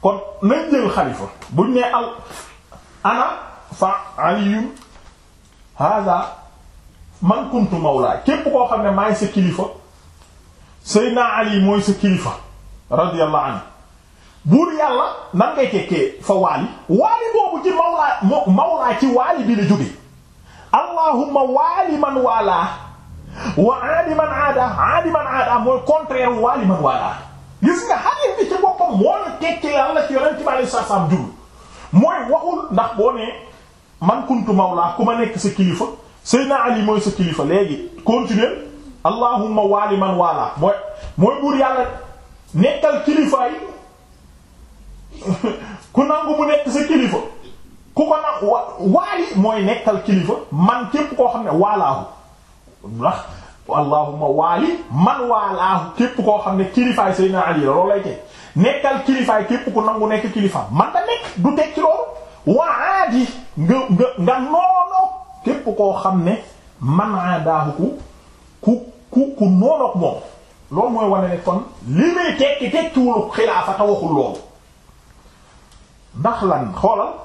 kon nañ jël xalifa buñ ne al ana fa aliyu hada man kuntu mawlaa képp koo xam ne maay sa kilifa seydna ali mooy sa kilifa radiyallahu anhu buur yàlla nan ngay tekkee fa waali waali boobu ci mawlaa mawlaa ci waali bi la jógee allahumma waali man waalaa wa aadi man aada mooy contraire waali man waalaa gis nga hadith bi ci boppam mooy tekki lan la ci yonent bi alayhi salaam jublu mooy waxul ndax boo nee man kuntu mawlaa ku nekk sa kilifa Seydina Ali mooy sa kilifa léegi continuer allahumma waali man waalaa mooy mooy buur yàlla nekkal kilifa yi ku nangu mu nekk sa kilifa ku ko nag waali mooy nekkal kilifa man képp koo xam ne waalaahu ndax allahuma waali man waalaahu képp koo xam ne kilifaay Seydina Ali la loolu lay teg nekkal kilifaay képp ku nangu nekk kilifa man da nekk du teg loolu waadi nga nga noonoo képp koo xam ne man aadaahu ku ku ku ku moom loolu mooy wane ne kon li muy tekki tekkiwul xilaafa te waxul loolu ndax lan xoolal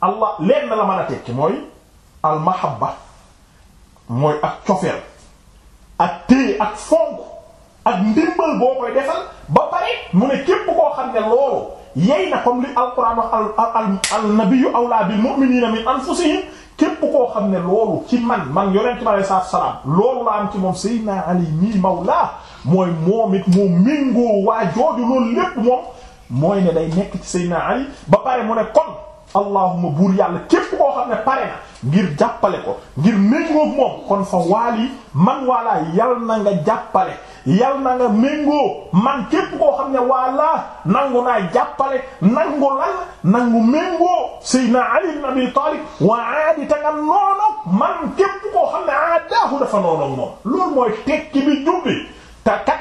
allah leen na la mën a tekki mooy al mooy ak cofeel ak téye ak fonk ak ndimbal boo koy defal ba pare mu ne képp koo xam ne loolu yey na comme li alquran wax al al nabiyyu awla bil min anfusihim képp koo xam ne loolu ci man man yonent bi alei salaatu salaam loolu la Seydina Ali mii mawla mooy moom it moo méngoo waa jooju loolu lépp moom mooy ne day nekk ci Seydina Ali ba pare mu ne kon allahuma buur yàlla képp koo xam ne pare na ngir jàppale ko ngir méngoog moom kon fa waal man waalaa yal na nga jàppale yal na nga méngoo man képp koo xam ne waalaa nangu naa jàppale nangu lan nangu méngoo saydna ali ibn abi talib wa aadi nga noonog man képp koo xam ne aadaahu dafa noonog moom loolu mooy tekki bi jubbi te kat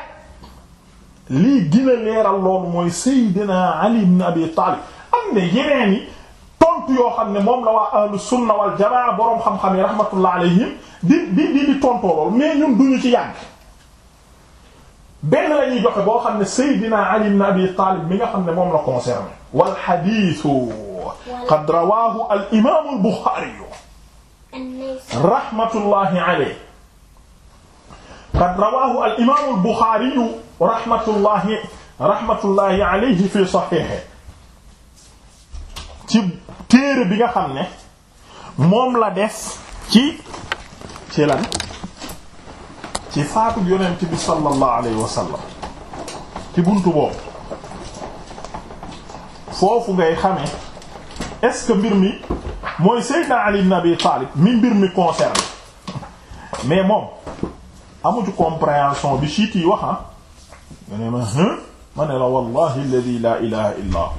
lii gën a loolu mooy saydna ali ibn abi talib am na yeneen tontu yoo xam ne moom la waa ahlu sunna wal jamaa boroom xam-xam yi rahmatullah alayhim di di di di tontoo lool mais ñun duñu ci yàgg benn la ñuy joxe boo xam ne Seydina Ali ibn Abi Taalib mi nga xam ne moom la concerné wal hadiisu qad rawaahu al imaamu al Buxaari rahmatullahi alayhi qad rawaahu al imaamu al Buxaari rahmatullahi rahmatullahi alayhi fi sahiihi téere bi nga xam ne moom la des ci ci lan ci faatu yonent bi sallallahu alayhi ci bunt boobu foofu ngay xamee est-ce que mbir mi mooy Seydina Ali ibn Abi Talib mi mbir mi concerne mais moom amu ci bi siit yi wax ah nga ne ma ma ne la wallahi alladhi illa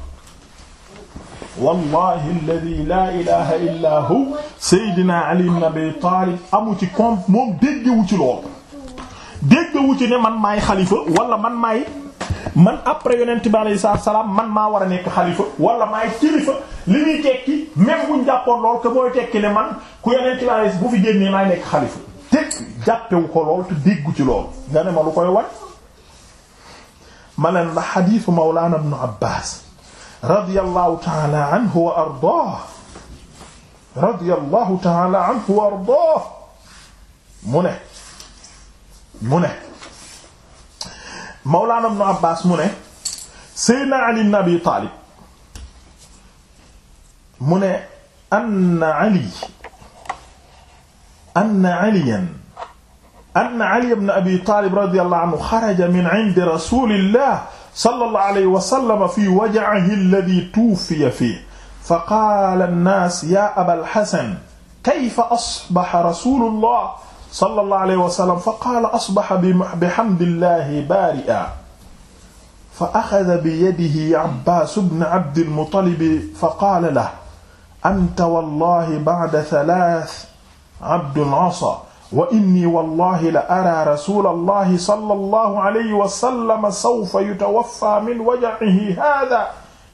wallahi alladi laa ilaha illa hu saydina ali ibn abi taalib amu ci kom moom déggewu ci lool déggewu ci ne man maay xalifa wala man maay man après yonent bi alayhi salaatu salaam man maa war a nekk xalifa wala maay kilifa li muy tekki même buñ jàppoon lool que mooy tekki ne man ku yonent bi alayhi bu fi génnee maay nekk xalifa teg jàppewu ko lool te déggu ci lool nga ne ma lu koy wat ma leen la xadiisu mawlaana ibn abbaas radiyallahu ta'ala anhu wa ardaah radiyallahu ta'ala anhu wa ardaah mu ne mu ne Mawlaana Ibn Abbaas mu ne Seydina Ali ibn Abi Taalib mu ne anna Ali anna Aliyan anna Ali ibn Abi Taalib radiyallahu anhu xaraja min indi Rasuulillah sallallahu alayhi wa sallam fi waj'ihi alladhi tuwuffiya fihi fa qaala an-naas yaa abal hasan kayfa asbaha rasulullah sallallahu alayhi wa sallam fa qaala asbaha bihamdillahi baari'an fa axada biyadihi Abbaas ibn Abdil Muttalib fa qaala lahu anta wallahi ba'da thalath abdun asaa wa inni wallahi la araa rasulallahi sallallahu alayhi wa sallam sawfa yutawaffa min waja'ihi haaza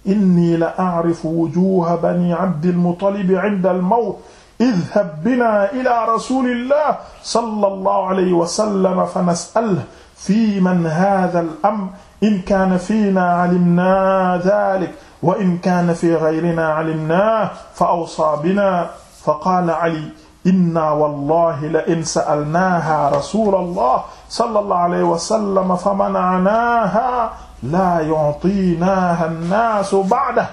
inni la a'rifu wujuha bani abdil muttalib 'inda al-mawt idhhab binaa ilaa rasulillah sallallahu alayhi wa sallam fanas'aluhu fii man haazal amr in kaana fiinaa 'alimnaa zaalik wa in kaana fii ghayrinaa 'alimnaahu fa awsaa binaa faqaala Ali inna wallahi la in sa'alnaaha rasulallah sallallahu alayhi wa sallam fa mana'naaha laa yu'tiinaaha an-naasu ba'dahu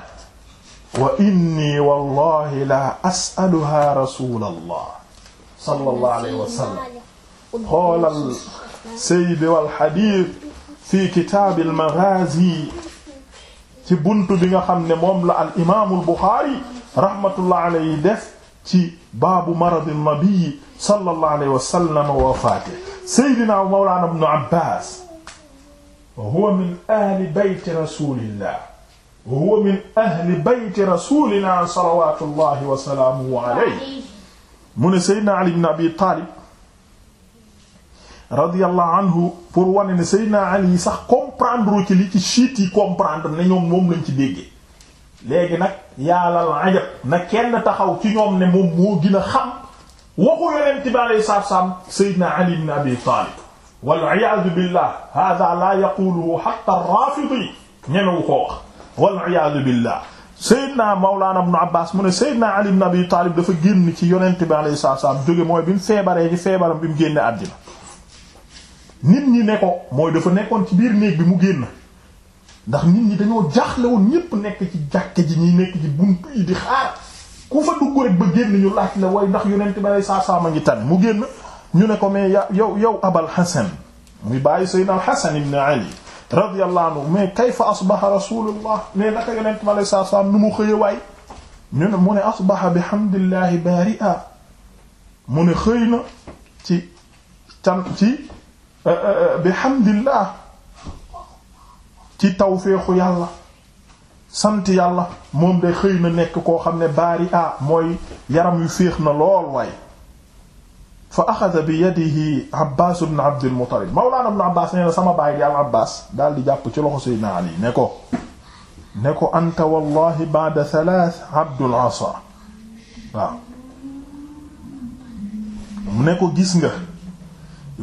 wa inni wallahi la as'aluha rasulallah sallallahu alayhi wa sallam xoolal sayd wal hadiith fi kitaab al-maghaazi ci buntu bi nga xam ne moom la al imaamul Buxaari rahmatullah alayhi def ci baabu maradi nabii sallallahu alayhi wa sallam wa wafaatihi sayyidina wa mawlaana ibnu Abbaas wa huwa min ahli bayti rasulillah wa huwa min ahli bayti rasulina salawatullahi wa salaamuhu alayhi mu ne sayyidina Ali ibn Abi Taalib radiyallahu anhu pour wane ne sayyidina Ali sax comprendre ci li ci chiites yi comprendre ne ñoom moom lañ ci déggee léegi nag yàllal ajab na kenn taxaw ci ñoom ne moom moo gën a xam waxu yonent bi alayhi salaatu salaam Seydina Ali ibn Abi Taalib wal iyaadu billah hada la yaquluhu hatta ar-Raafidi ñemewu ko wax wal iyaadu billah Seydina Mawlaana Ibn Abbaas mu ne Seydina Ali ibn Abi Taalib dafa génn ci yonent bi alayhi salaatu salaam jóge mooy bi mu feebaree ci feebaram bi mu génne àddina nit ñi ne ko mooy dafa nekkoon ci biir néeg bi mu génn ndax nit ñi dañoo jaaxle woon ñépp nekk ci jàkke ji ñiy nekk ci buntu yi di xaar ku fa dugg ba génn ñu laaj la way ndax yonent ba lay saa ma ngi tan mu génn ñu ne ko mais yow yow Abal Hasan muy bàyyi Seydina Hasan ibn Ali radiyallahu anhu mais kayfa asbaha mais naka yonent ba lay saa saa nu mu xëye waay ñu ne mu ne asbaha bihamdillahi bari'a mu ne xëy na ci can ci euh, euh, euh, bihamdillah ci tawféexu yàlla sant yàlla moom de xëy na nekk koo xam ne baari a ah, mooy yaram yu féex na lool waaye fa axada bi yadihi abbas ibn abd al-muttalib mawlana ibn abbas nee na sama baay di al abbas daal di jàpp ci loxo sayyidina ali ne ko ne ko anta wallahi ba'da thalath abdul asa waaw ne ko gis nga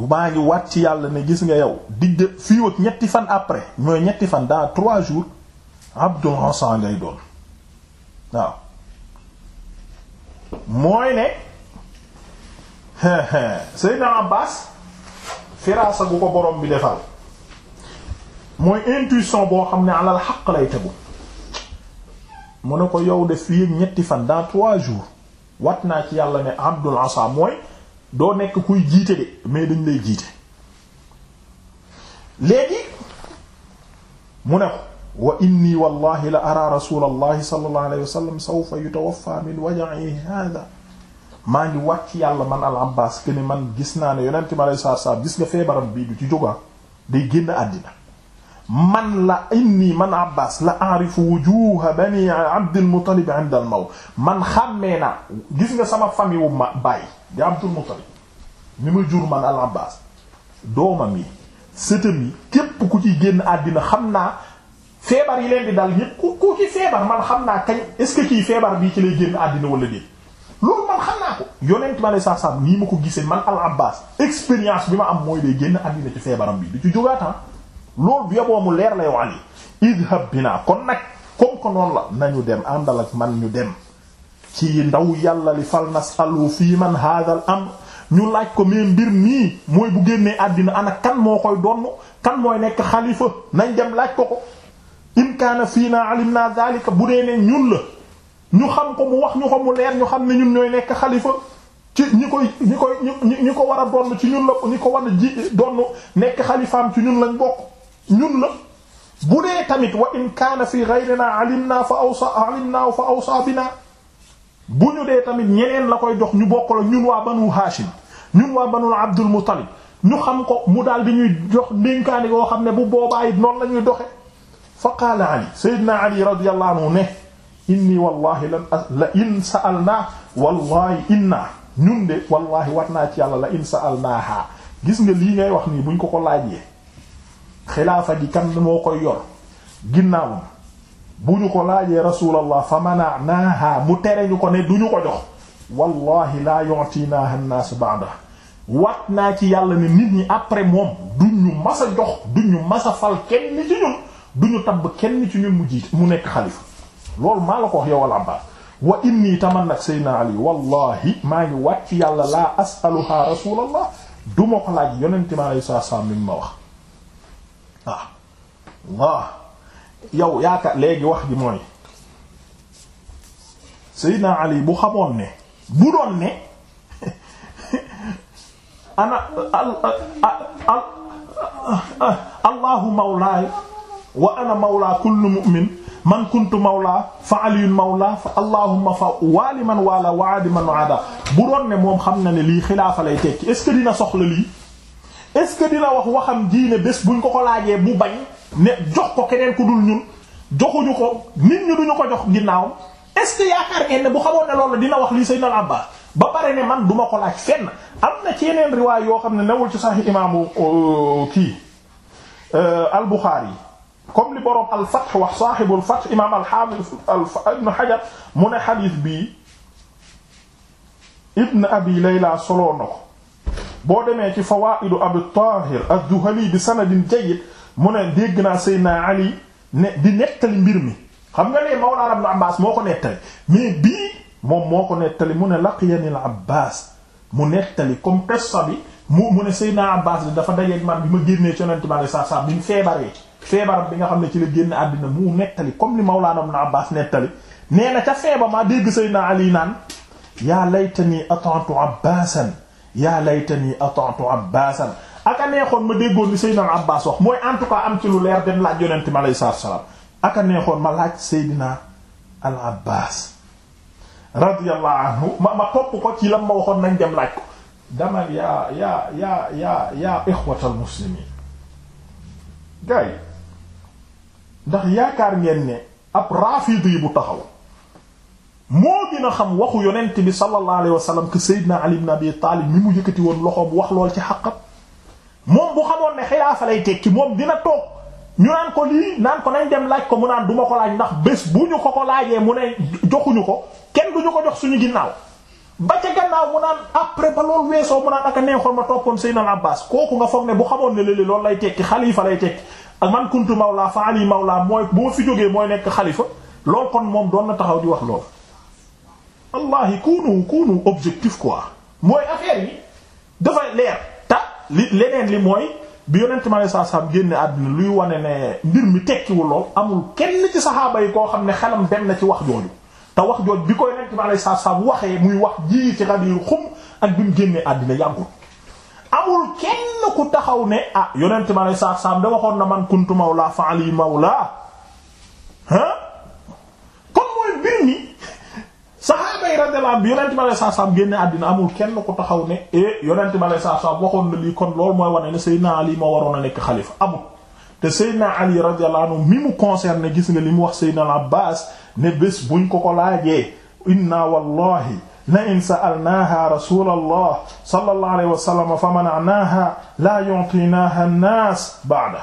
maa ngi wat ci yàlla ne gis nga yow digg fii ñetti fan après mooy ñetti fan dans trois jours abdul hansan ngay doon waaw mooy ne Seydina Abbas firaasa gu ko borom bi defal mooy intuition boo xam ne alal xaq lay tegu mu ne ko yow def fii ñetti fan dans trois jours wat naa ci yàlla ne abdul hansan mooy doo nekk kuy jiite de mais dañ lay jiite léegi mu ne ko wa inni wallahi la ara rasul allahi sallallahu alayhi wa sallam sawfa yutawaffa min waja'i hadha maa yàlla man al abbas gis naa ne yonente mi alei satu salaam gis nga feebaram bii du ci jógaa ah, day génn àddina man la inni man abbas la arifu wujuha bani abdil muttalib man xàmmee naa gis nga sama famille bàyyi di Abdul Muttalib mi ma jur man al Abbaas doomam yi sëtam yi képp ku ci génn àddina xam naa feebar yi leen di dal yépp ku ku feebar man xam naa kañ est kii feebar bii ci lay génn àddina wala déet loolu man xam naa ko yonent ma lay sax sax nii ma ko gisee man al Abbaas expérience bi ma am mooy day génn àddina ci feebaram bi di ci jógaatam ah. loolu bu yoboo mu leer la yow Ali idhab bina kon nag kom que noonu la ñu dem àndal ak man ñu dem ci ndaw yàlla li fal nasalu fii man hadal am ñu laaj ko mais mbir mii mooy bu génnee àddina ana kan moo koy donn kan mooy nekk xalifa nañ dem laaj ko ko in kaana fii na bu dee ne la ñu xam ko mu wax ñu ko mu leer ñu xam ne ñun ñooy nekk xalifa ci ñi koy ñi koy ko war a donn ci ñun la ñi ko war a ji donn nekk xalifaam ci ñun lañ bokk ñun la bu dee tamit wa in kaana fi ghayrina alim naa fa awsa alim fa awsa bina bu ñu dee tamit ñeneen la koy dox ñu bokk la ñun waa banu Hashim ñun waa banu Abdul Muttalib ñu xam ko mu daal di ñuy jox ndénkaani koo xam ne bu boobaa it noonu la ñuy doxe fa qaala Ali Seydina Ali radiyallahu anhu ne inni wallahi lan la in sa'alna wallahi inna ñun de wallahi war naa ci yàlla la in sa'alnaha gis nga lii ngay wax nii buñ ko ko laajee xilaafa gi kan moo koy yor ginnaawam bu ñu ko laajee rasulallah fa mana'naha mu tere ñu ko ne du ñu ko jox wallahi la yu'tinaha an-nas ba'da wat naa ci yàlla ne nit ñi après moom duñu mas a jox duñu mas a fal kenn ci ñun duñu tabb kenn ci ñun mu jiit mu nekk xalifa loolu maa la ko wax yow al Abbaas wa inni taman nag Seydina Ali wallahi maa ngi wàcc yàlla laa as'aluha rasulallah du ma ko laaj yonente mi alei saat salaam ma wax waaw ah, waaw yow yaakaar léegi wax ji mooy Seydina Ali bu xamoon ne bu doon ne ana allahu mawlaaya wa ana mawlaa kullu mu'min man kuntu mawlaa fa aliyun mawlaa fa allahumma fa waali man waala wa aadi man bu doon ne moom xam na ne lii xilaafa lay tekki est-ce que dina soxla lii est que dina wax waxam diine bés buñ ko ko laajee bu bañ ne jox ko keneen ku dul ñun joxuñu ko nit ñi ko jox ginnaaw est-ce yaakaar ngeen bu xamoon ne loolu dina wax lii Seydina al Abbas ba pare ne man duma ko laaj fenn am na ci yeneen riwaay yoo xam ne newul ci Sahih imaamu euh, kii euh, al Bukhari comme li borom al Fath wax saahibul Fath imaam al Hafiz Hajar mu ne xadiis bii Ibn Abi Layla soloo na ko boo demee ci Fawaa'idu Abi Tahir ad-Duhali bi sanadin jayyid mu ne dégg naa Seydina Ali ne di nettali mbir mi xam nga ne Mawlana Ibn Abbas moo ko nettali mais bii moom moo ko nettali mu ne laqiyani al-Abbas mu nettali comme qissa bi mu mu ne naa Abbas bi dafa dajeeg man bi ma génnee ci Yonent bi sallallahu alayhi wa sallam bi mu feebaree bi nga xam ne ci la génn àddina mu nettali comme ni Mawlana Ibn Abbas nettali nee na ca feebar maa dégg naa Ali naan yaa laytani ata'tu Abbasan yaa laytani ata'tu Abbasan aka neexoon ma déggoon li Seydina Abbas wax mooy en am ci lu leer dem laaj yonent mi aleyhi salaam aka neexoon ma laaj Seydina al Abbas radiyallahu anhu ma ma ko ci lam ma waxoon nañ dem laaj ko damal yaa yaa yaa yaa yaa ixwatal muslimiin gars yi ndax yaakaar ngeen ne ab rafidi bu taxaw moo gën a xam waxu yonent bi sallallahu alayhi wa sallam que Seydina Ali ibn Abi Taalib mi mu yëkkati woon loxoom wax lool ci xaqam moom bu xamoon ne fa lay tekki moom dina toog ñu naan ko lii naan ko nañ dem laaj ko mu naan du ma ko laaj ndax bés bu ñu ko ko laajee mu ne joxuñu ko kenn ñu ko jox suñu ginnaaw ba ca gannaaw mu naan après ba loolu weesoo mu naan ak a neexoon ma toppoon Seydina Abbas kooku nga foog ne bu xamoon ne léeg-léeg loolu lay tekki xalifa lay tekki ak man kuntu mawla fa ali mawla mooy boo fi jógee mooy nekk xalifa loolu kon moom doon na taxaw di wax loolu. wallahi kuunu kuunu objectif quoi mooy affaire yi dafa leer. li leneen li mooy bi yonent mi aleyhi salaatu salaam génne àdduna luy wane ne mbir mi tekkiwul lool amul kenn ci saxaaba yi koo xam ne xelam dem na ci wax jooju te wax jooju bi ko yonent mi aleyhi salaatu salaam waxee muy wax ji ci Ghadir Khoum ak bi mu génnee àdduna amul kenn ku taxaw ne ah yonent mi aleyhi salaatu salaam da waxoon na man kuntu mawla fa ali mawla ha kon mooy mbir mi saxaaba yi radiyallahu anhum yonent bi alayhi salaam génne àddina amul kenn ku taxaw ne eh yonent bi alayhi salaam waxoon na lii kon loolu mooy wane ne Seydina Ali moo waroon a nekk xalifa amul te Seydina Ali radiyallahu anhu mi mu concerné gis nga li mu wax Seydina Abbas ne bés buñ ko ko laajee inna wallahi la in sa'alnaaha rasulallah sallallahu alayhi wa sallam fa mana'naaha la yu'tinaaha an-naas ba'da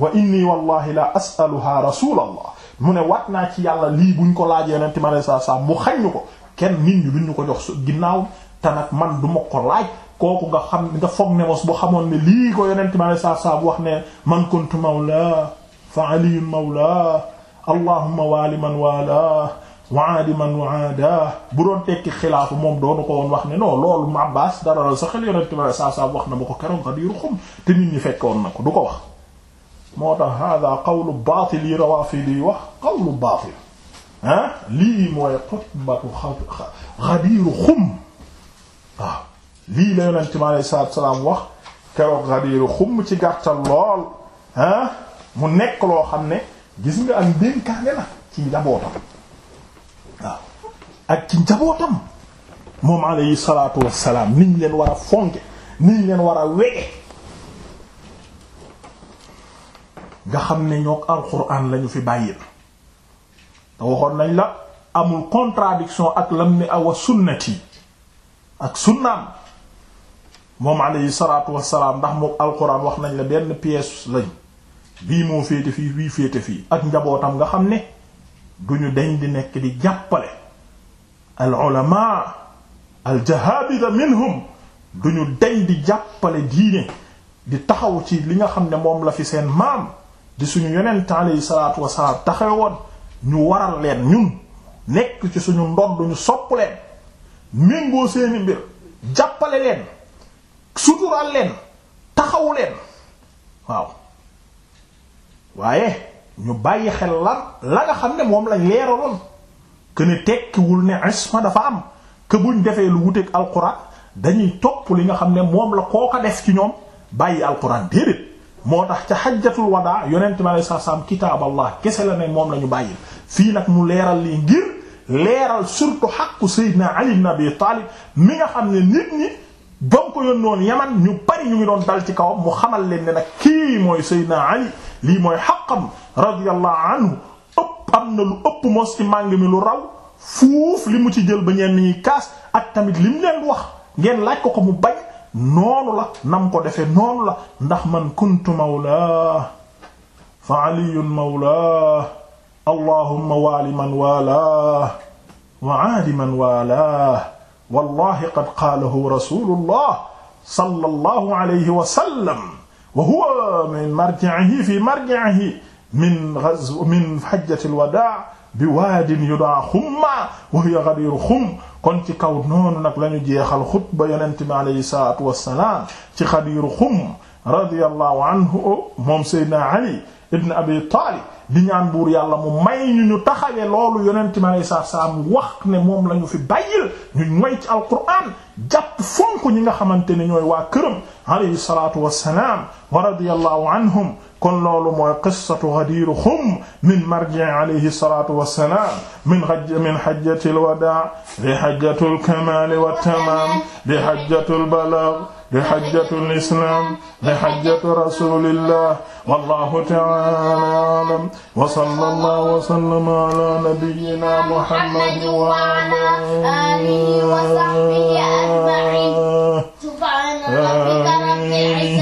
wa inni wallahi la as'aluha rasulallah mu ne wat naa ci yàlla lii buñ ko laaj yonent mi alei satu salaam mu xañ ñu ko kenn nit ñu duñ ñu ko jox ginnaaw te nag man du ma ko laaj kooku nga xam nga foog ne mos bu xamoon ne lii ko yonent mi alei satu wax ne man kuntu mawla fa aliyun mawla allahumma waali man waala waadi man waada bu doon tekki xilaafu moom doonu ko woon wax ne non loolu mu Abbaas dara la sa xel wax na ma ko keroog te nit ñi fekkoon na ko du ko wax moo tax hada qawlu baatil yi rawaafidi wax qawlu baatil lii mooy xutbatu xadiiru xum lii la yonent mi alayhi salaatu wa salaam wax keroog xadiiru xum ci gàttal lool mu nekk loo xam ne gis nga am dénkaane la ci njabootam ak ci njabootam moom alayhi salaatu wa salaam niñ leen war fonke niñ leen war a nga xam ne ñoog alxuraan lañu fi bàyyil te waxoon nañ la amul contradiction ak lam ni awa sunnati ak sunnaam moom alayhi salaatu wassalaam ndax moom alxuraan wax nañ la benn pièce lañ bii moo féete fii bii féete fii ak njabootam nga xam ne duñu deñ di nekk di jàppale al ulama al jahabida minhum duñu deñ di jàppale diine di taxaw ci li nga xam ne moom la fi seen maam di suñu yonent alayhi salaatu wasalaam taxawoon ñu waral leen ñun nekk ci suñu ndodd ñu sopp leen méngoo seeni mbir jàppale leen sutural leen taxawu leen waaw waaye ñu bàyyi xel lan la nga xam ne moom lañ leeraloon que ne tekkiwul ne isma dafa am que buñ defee lu wuteeg alquran dañuy topp li nga xam ne moom la kooka def ci ñoom bàyyi alquran déedéet moo tax ca xajjatul wadaa yonent mi alei satu salaam kitaaballah kese la ne moom la ñu bàyyil fii nag mu leeral lii ngir leeral surtout xaqu sayyidina ali ibn abi taalib mi nga xam ne nit ñi ba ko yónnoon yaman ñu bari ñu ngi doon dal ci kawam mu xamal leen ne nag kii mooy sayyidina ali lii mooy xaqam radiyallahu anhu ëpp am na lu ëpp mos ci màng mi lu raw fuuf li mu ci jël ba ñeen ñi kaas ak tamit li mu leen wax ngeen laaj ko ko mu bañ noonu la nam ko defee noonu la ndax man kuntu mawlaa fa aliyun mawlaa allahumma waali man waalaa wa aadi man waalaa wallahi qad qaalahu rasulullah sallallahu alayhi wa sallam wa huwa min marji'ihi fi marji'ihi min ghazw min hajjatil wadaa bi waadin yu daa xumma wa hiya ghadiru xum kon ci kaw noonu nag la ñu jeexal xutba yonente bi alayhi salaatu wassalaam ci xadiiru xum radiyallahu anhu moom Seydina Ali ibn Abi Taalib di ñaan buur yàlla mu may ñu ñu taxa loolu yonente bi alayhi salaatu wassalaam wax ne moom la ñu fi bàyyil ñu moy ci alquraan jàpp fonk ñi nga xamante ne ñooy waa këram alayhi salaatu wassalaam wa kon loolu mooy qissatu Ghadir Khoum min marji'i alayhi salaatu wa salaam min min hajjatil wadaa' li hajjatul kamaal wa tamaam li hajjatul balaag li hajjatul islaam li hajjati rasuulillah wallaahu ta'aala a'lam wa sallallaahu wa sallama alaa nabiyyinaa Muhammad wa alaa aalihi wa sahbihi ajma'iin